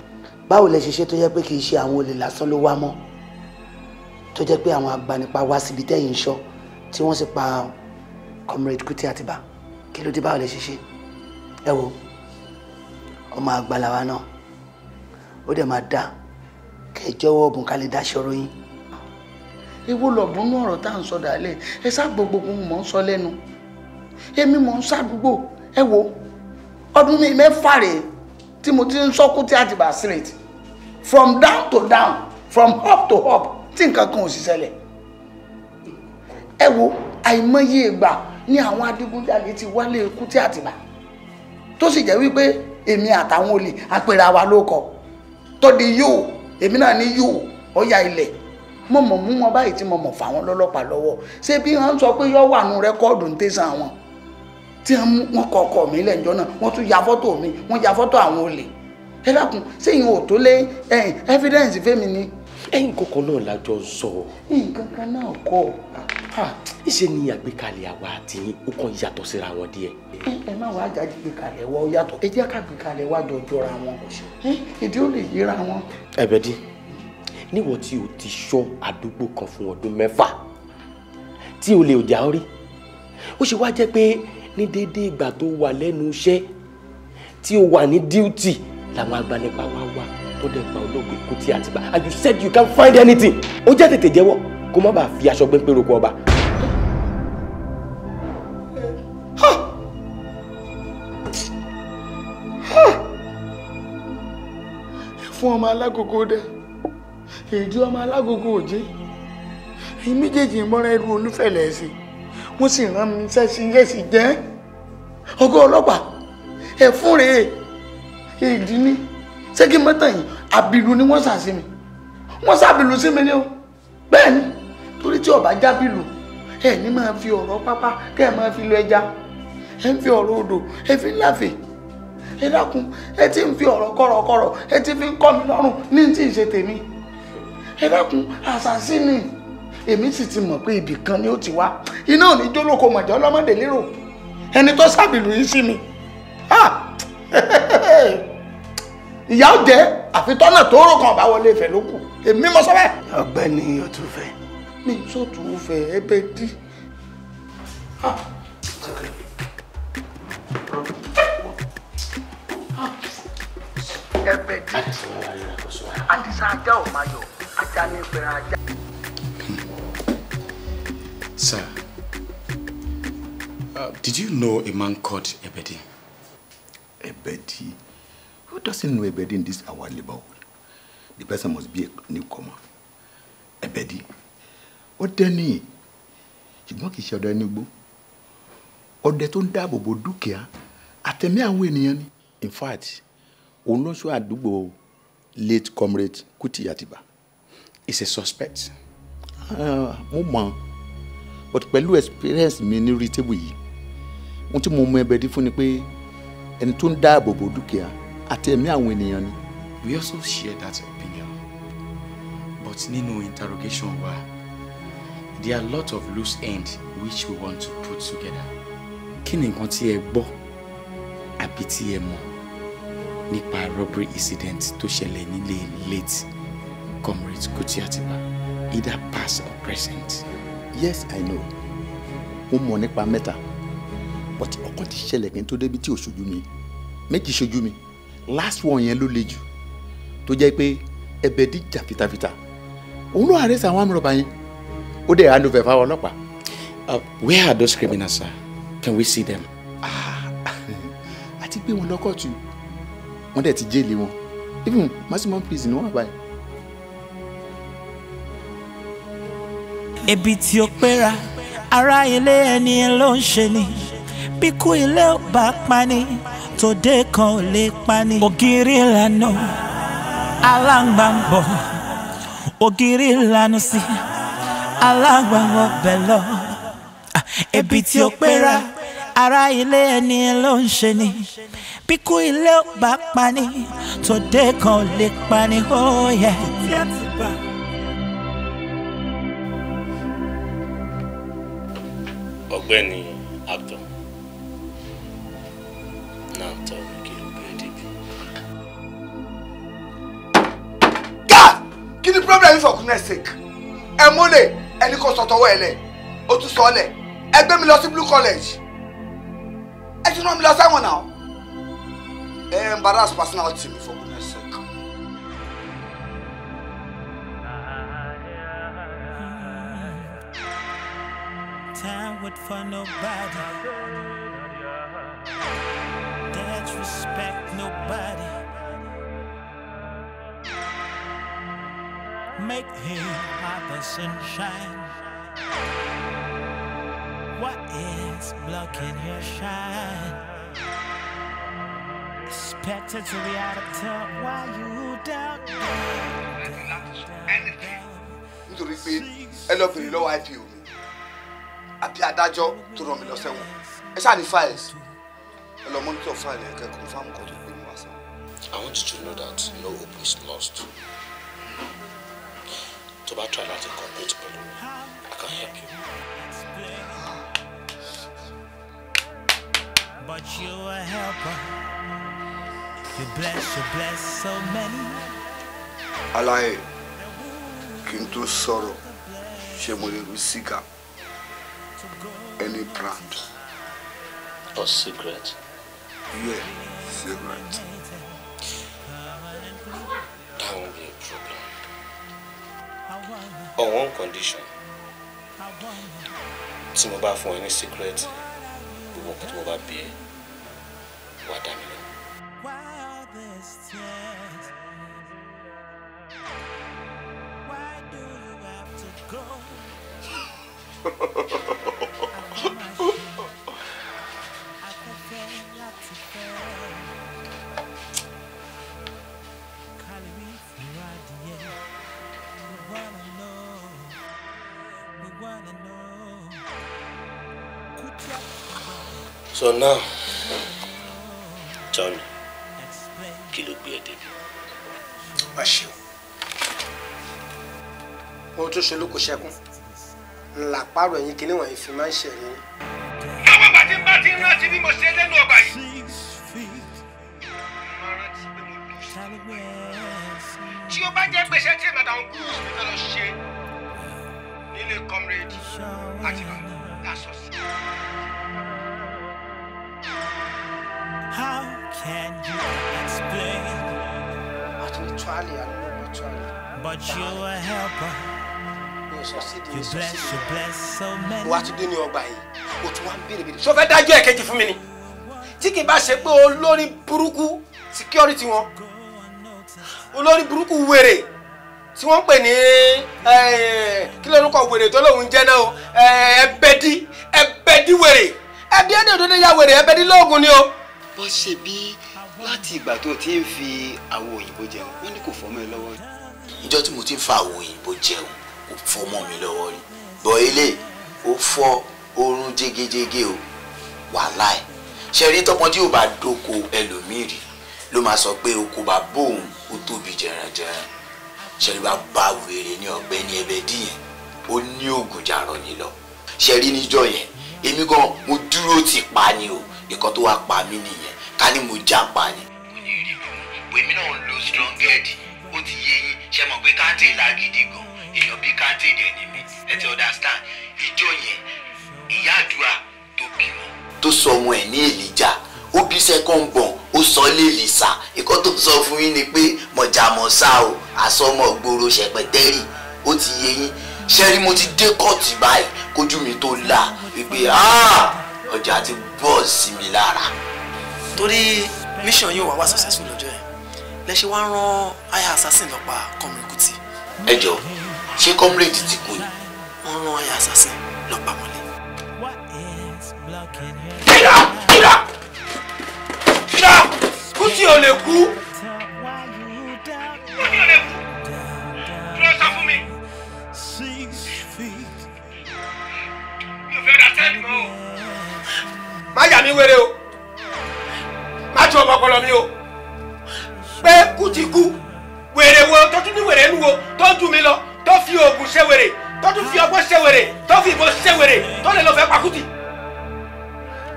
báwo lẹ ṣe ṣe tó jẹ́ pé kì í ṣe àwọn olè lásán ló wá mọ́ tó jẹ́ pé àwọn agbanipa wá síbi tẹ́yìn ṣọ́ tí wọ́n sì pa comrade Kuti Atiba kí ló dé báwo lẹ ṣe ṣe ẹ wo ọmọ àgbàlá wa náà ó dẹ̀ máa dá kẹ́ ọ̀bùn ká lè yín. ewu lọ̀gbọ́n ní ọ̀rọ̀ tá à ń sọ dàálẹ̀ ẹ sáàgbó gbogbo mọ̀ ń sọ lẹ́nu èmi mọ̀ ń sàdúgbò ẹ wo ọdún mi mẹ́fà rèé tí mo ti ń sọ́kú tí àtìbà street from down to down from up to up tí nǹkan kan ò sì ṣẹlẹ̀ ẹ wo àìmọye ìgbà ni àwọn adigunjalè ti wálé ikú tí àtìbà tó sì jẹ́ wípé èmi àtàwọn olè àpèrè àwa ló kọ́ tó di yóò èmi náà ní yóò ọ̀yà ilẹ̀ mo mọ̀ mú wọn báyìí tí mo mọ̀ fà wọn lọ́lọ́pàá lọ́wọ́ ṣé bí wọ́n sọ pé yóò wà nù rẹ́kọ́ọ̀dù ń tẹ̀sán wọn tí wọ́n kọ ọkọ mi lẹ́njọ́ náà wọ́n tún ya fọ́tò mi wọ́n ya fọ́tò àwọn olè ẹ dákun ṣé ìyẹn ò tó lé evidence fẹ́mi ni. ẹ̀yin kọkọ náà lájọ sọ. nǹkan kan náà kọ ìṣe ah, ni àgbékalẹ̀ àwa àti ó kàn yàtọ̀ síra wọn díẹ̀. ẹ má wàá jáde gbékalẹ̀ wa ó yàtọ̀ ẹ jẹ́ ká gbékalẹ̀ wa jọ jọra wọn èdè ó lè yíra wọn. ẹ̀bẹ̀dì níwọ̀n tí o ti ṣọ́ àdúgbò kan fún ọdún mẹ́fà tí o lè jà ọ́ rí ó ṣe wá jẹ́ pé ní déédéé ìgbà tó wà lẹ́nu iṣẹ́ tí o wà ní díútì làwọn agbanipa wa wà tó dẹ̀ pa olóògbé kútí àtìgbà and you said you can find anything ó jẹ́ tètè jẹ́wọ́ kó má bàa fi aṣọ péńpé roko ọba. fún ọmọ alákòókò dẹ èdè ọmọ alákòókò òjé ẹ̀yin méjèèjì mọ́ra ẹrú olúfẹ̀lẹ̀ ẹ̀sìn wọ́n sì rán mi sẹ́sí yẹ́sì jẹ́ ọgọ́ ọlọ́pàá ẹ̀fún rèé èdè ní ṣé kí n mọ́tàn yìí àbìlú ni wọ́n sà sí mi wọ́n sàbìlú sí mi ni o bẹ́ẹ̀ ni torí tí ọba jábìlù ẹ ní máa fi ọ̀rọ̀ pápá kẹ́ ẹ máa fi lọ ẹja ẹ ń fi ọ̀rọ̀ odò ẹ fi ń láfè ẹ dákun ẹ ti ń fi ọ̀rọ̀ kọ̀rọ̀kọ̀rọ̀ ẹ ti fi ń kọ́ mi lọ́rùn ní tí ì ṣe tèmi ẹ dákun àṣàṣì ni èmi sì ti mọ̀ pé ibì kan ni ó ti wá iná ò ní jólókò mọ̀jọ́ lọ́mọdé lérò ẹni tó sábìlù yìí sí mi ìyá ọ̀jẹ̀ àfitọ́nà tó rò kan bá wọlé ìfẹ́ ló kù èmi mọ sọ́bẹ̀. ọ̀gbẹ́ni ọtúnfẹ́ minzotu uve ebe dị ebe dị adịsa aja ọmayọ aja n'efere aja Sir, uh, did you know a man called Ebedi? Ebedi? Who doesn't know Ebedi in this hour, neighborhood? The person must be a newcomer. Ebedi ọdẹ ni ṣùgbọ́n kì í ṣe ọdẹ nígbó ọdẹ tó ń dáàbò bo dúkìá àtẹ̀mí àwọn ènìyàn ni in fact òun ló sọ àdúgbò late comrade Kuti Atiba is a suspect ah, mo mọ̀ but pẹ̀lú experience mi ní rítébù yìí ohun tí mo mọ ẹ̀bẹ̀ dí fún ni pé ẹni tó ń dáàbò bo dúkìá àtẹ̀mí àwọn ènìyàn ni. we also share that opinion but nínú interrogation wa. Wow there are a lot of loose ends which we want to put together. kí ni nǹkan tí ẹ gbọ́ àbí tí ẹ mọ̀ nípa robbery incident tó ṣẹlẹ̀ nílé late comrade Kuti Atiba either past or present. yes i know mo mọ̀ nípa mẹ́ta but ọ̀kan ti ṣẹlẹ̀ kí n tó débi tí ò ṣojú mi méjì ṣojú mi last one yẹn ló le jù tó jẹ́ pé ẹbẹ̀ díjà fitafita òun ló àrẹ́sà àwọn amúrọ̀bà yẹn ó dẹ̀ hand over fáwọn ọlọ́pàá. Uh, where are those criminals sir can we see them. Ah, àti pé wọn lọ́kọ̀tù wọ́n dẹ̀ ti jẹ́lé wọn even maximum prison wọ́n wà báyìí. ebi tí ó pẹ́ra ara ilé ẹni ló ń ṣe ni bí kú ilé ò bá pani tòde kan ò lè pani ògiri lànà aláǹgbà ògiri lànà sí i alágbà ọbẹ̀ lọ ah, ebi tí ó pera ara ilé ẹni ló ń ṣe ni bíkú ilé ò bá pani tòde kan ò lè pani ó yẹ. ọ̀gbẹ́ni actor kí God! E kí ni problem for goodness sake ẹ̀ mọ́lẹ̀ ẹni kò sọtọwọ ẹ lẹ o tún sọ lẹ ẹ gbé mi lọ sí blue college ẹ ti rán mi lọ sẹ́wọ̀n náà ẹ embarrass personality mi for goodness sake. Time would for nobody. That's respect nobody. make hay by the sunshine. What is blocking your shine? Expected to be out of town while you doubt? nítorí pé ẹ lọ bèrè lọ́wọ́ ipo mi àbí adájọ́ tó rán mi lọ sẹ́wọ̀n ẹ ṣáà ní files ẹ lọ monitor file ẹ kẹ́kọ̀ọ́ fáwọn kan tó gbé mi wá I want you to know that no hope is lost tó bá try láti compete pẹ̀lú I can help you. But you're a helper. You bless, you bless so many. Alaye, kí n tó sọ̀rọ̀, ṣé mo lè rí sìgá? Any brand. Or cigarette? Yeah, cigarette. on one condition tí mo bá fún ẹ ní secret gbogbo nǹkan tí mo bá bí ẹ wá dá mi lọ. Why do you have to So now, tell me, kí ló gbé ẹ débi? Wá ṣe o. Ohun tó ṣe ló kò ṣẹkún. Ńlá pààrọ̀ ẹ̀yìn kinní wọ̀nyí fi máa ń ṣẹ̀rí. Àwọn bàtí bá ti rántí bí mo ṣe lẹ́nu ọgbà yìí. Tí o bá jẹ́ gbèsè tí èmi àtàwọn gúrùs mi fẹ́ lọ ṣe nílé comrade àti bàbá, that's all. How can you explain? But you're a helper. You bless, you bless so many. What you dé your ọgbà yìí, one tún wá ń béèrè béèrè. Ṣo fẹ́ dájọ́ ẹ̀kejì fún mi ni? Tí kì í bá ṣe pé olórí burúkú security wọn, olórí burúkú wèrè tí wọ́n ń pè ní kí lórúkọ wèrè tó lóun jẹ́ náà ẹ̀ẹ́dì ẹ̀ẹ́dì wèrè ẹ̀ẹ́dì ẹ̀ẹ́dì òdodo ya wèrè ẹ̀ẹ́dì lóògùn ni o wọ́n ṣe bí láti ìgbà tó ti ń fi àwo òyìnbó jẹun wọ́n ní kò fọ́mọ ẹ lọ́wọ́ rí. ìjọ tí mo ti ń fa àwo òyìnbó jẹun kò fọ́mọ mi lọ́wọ́ rí bọ́ ilé ó fọ́ oorun jégéjégé o wàhálà ẹ̀ ṣe rí tọmọdé ò bá dóko ẹlòmíì rí ló máa sọ pé oko bá bóun ó tóbi jẹranjẹran ṣe rí bá bá wèrè ní ọ̀gbẹ́ni ẹbẹ díyẹn ó ní oògùn jàrọ̀ nílọ ṣe rí níjọ yẹn èmi gan mo dúró ti pa ni o nǹkan tó wá pa mí nìyẹn ká ní mo já pa ni. ó ní ìrì kan pé mi náà ń lo stronged ó ti yé yín ṣe mọ̀ pé káńtì làgídí gan èèyàn bíi káńtì dẹ̀ ni mi ẹ ti understand ìjọ yẹn ìyá àdúrà tó bímọ. tó sọ ọmọ ẹ ní èlìjà ó bí second born ó sọ lé lìsà nǹkan tó sọ fún yín ni pé mọ̀jàmọ̀sá o àsọmọ̀ gbòòrò ṣẹ̀pẹ̀tẹ́rì ó ti yé yín ṣẹ́rí mo ti dé kọ́ọ̀tì báyìí kójú mi tó la ìgbé ọjà ti bọ́ sí mi lára. torí mission yóò wá wá successful lọ́jọ́ yẹn lẹ ṣe wá rán aya assassin lọ pa Comrade Kuti. ẹ jọ ṣé comrade ti kú ni. wọ́n rán aya assassin lọ pa mọ́lẹ̀. kíra kíra kíra Kuti ò lè kú. Kuti má yà mí wéré o má tún ọmọ ọpọlọ mi o pé kú ti kú wèrè wo tó ní wèrè nu wo tó mi lọ tó fi oògùn ṣe wèrè tó fi ọgbọ́n ṣe wèrè tó fi ìbọn ṣe wèrè tó lè lọ fẹ́ pa Kútì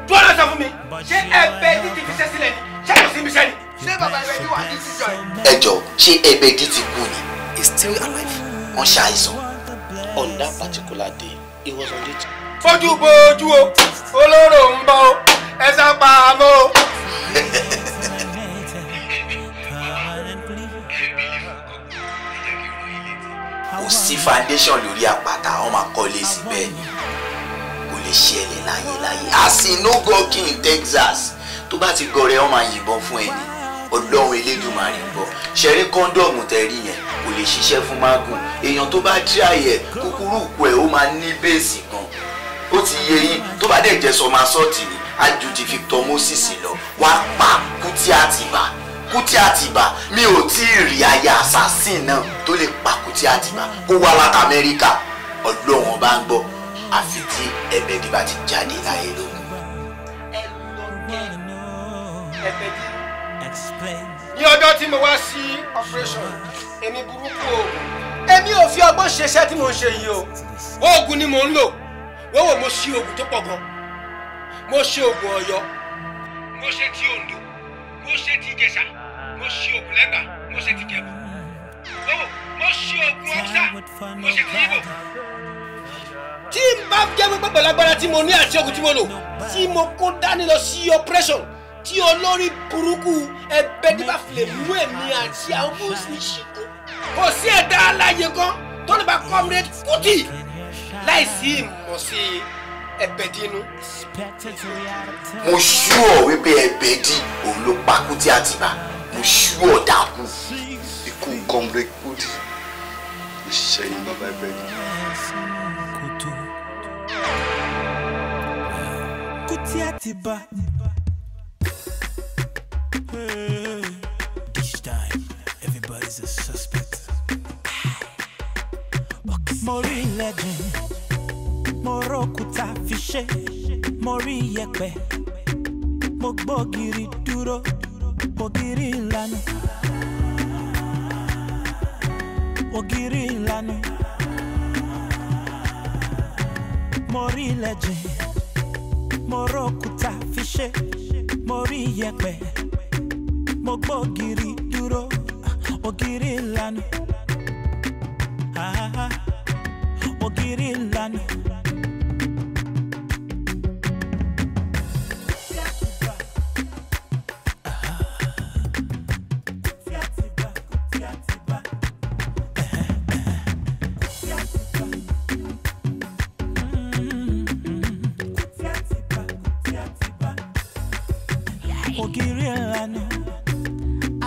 dúró sọ fún mi ṣé ẹ̀bẹ̀ títí fi ṣe sílẹ̀ ni ṣé kò sí mi ṣe ni. ṣé bàbá ẹgbẹ́ tí wà ní sísọ yìí. ẹ jọ ṣé ẹ̀bẹ̀ títí kú ni he is still alive wọ́n ṣàìsàn on that particular day he was on duty fojú bojú o olóró ń bọ̀ o ẹ sá pa àmọ́ o. kò sí foundation lórí àpáta àwọn máa kọ́lé sí bẹ́ẹ̀ ni kò lè ṣẹlẹ̀ láyéláyé àsìnúgò king Texas tó bá ti gọrẹ wọn máa yìnbọn fún ẹni ọlọ́run elédùnmarè ń bọ̀ ṣẹ̀rí kọ́ńdọ̀mù tẹ̀rí yẹn kò lè ṣiṣẹ́ fún mágùn èèyàn tó bá tíráyẹ̀ kúkúrú ìkú ẹ̀ ó máa ní bẹ́ẹ̀sì gan ó ti yẹ yín tó bá dẹ̀ jẹ́ sọmọ asọ́ọ̀tì ni àjù ti Victor Moses lọ wá pa Kuti Atiba Kuti Atiba mi ò tí ì rí aya assassin náà tó lè pa Kuti Atiba kó wá láti Amẹ́ríkà ọlọ́wọ́n bá ń gbọ́ àfi tí ẹ̀bẹ̀dì bá ti jáde láyé lóhùn. ní ọjọ́ tí mo wá sí operation èmi burúkú o èmi ò fi ọgbọ́n ṣe iṣẹ́ tí mo ń ṣe yìí o oògùn ni mò ń lò wọ́n wò mo ṣe oògùn tó pọ̀ gan mo ṣe oògùn ọ̀yọ́ mo ṣe ti ondo mo ṣe ti ìjẹ̀ṣà mo ṣe oògùn lẹ́gbà mo ṣe ti kẹ̀bù wọ́n wò mo ṣe oògùn ọ̀ṣà mo ṣe ti ibò. tí n bá jẹ́ gbogbo pẹ̀lágbára tí mo ní àti oògùn tí mo lò tí mo kó dání lọ sí operation tí olórí burúkú ẹgbẹ́ nípa fìlè mú èmi àti àwọn mùsùlùmí ṣìkú kò sí ẹ̀dá aláyé kan tó lè bá comrade Kuti láìsí ìmọ̀sí ẹ̀bẹ̀dínú. mo ṣúọ̀ wípé ẹ̀bẹ̀dí òun ló pa Kútì Àtìbà mo ṣúọ̀ dàkú. ikú kọ́mre Kútì ìṣẹ́yìn bàbá ẹ̀bẹ̀dí. Kútì Àtìbà. Each time, everybody's a suspect. Mori rí ilẹ̀ gbìn mo rókúta fi ṣe mo rí iyẹ̀pẹ̀ mo gbógiri dúró ògiri ìlànà ògiri ìlànà mo rí ilẹ̀ jìn fi ṣe mo iyẹ̀pẹ̀ mo gbógiri dúró ògiri ìlànà. ah. ah, ah. Mairilan. Okirilano,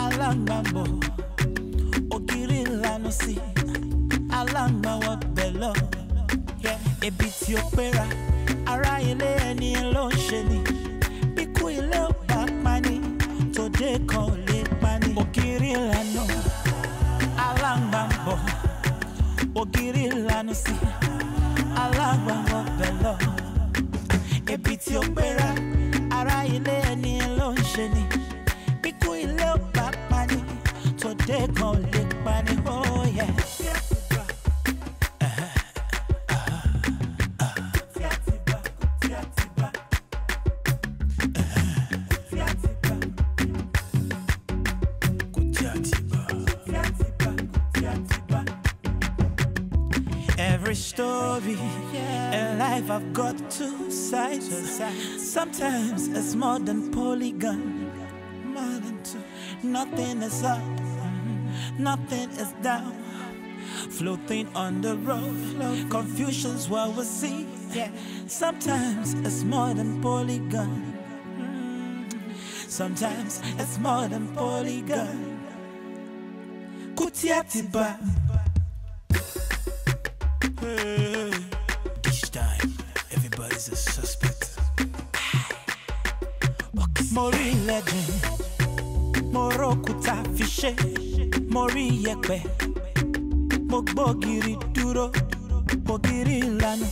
alangambo, okirilano si, alangma wa belo. ebi tí ó pera ara ilé ẹni ló ń ṣe ni ikú ilé ò bá pani tòde kan ò lè pani. ògiri lànà aláǹgbà ń bọ̀ ògiri lànà sí aláǹgbà ń ebi tí ó pera ara ilé ẹni ló ń ṣe ni ikú ilé ò bá pani tòde kan ò lè. Sometimes it's more than polygon. More than two. Nothing is up, nothing is down. Floating on the road, confusion's what we see. Sometimes it's more than polygon. Sometimes it's more than polygon. Kutiatiba. Hey. Each time, everybody's a suspect mo rí ilẹ̀ gbìn mo rókúta fi ṣe mo rí iyẹ̀pẹ̀ mo gbógiri dúró ògiri ìlànà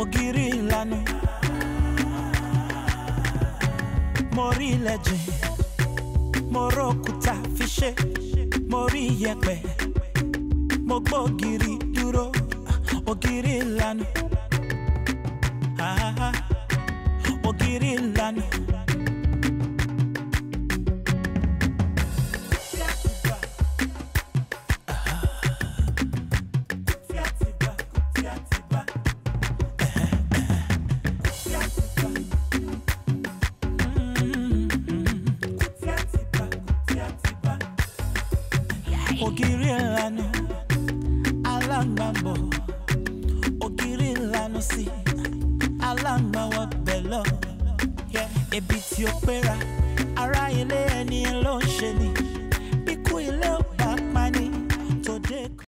ògiri ìlànà mo rí ilẹ̀ gbìn fi ṣe iyẹ̀pẹ̀ mo gbógiri dúró ògiri ìlànà. Mapirilani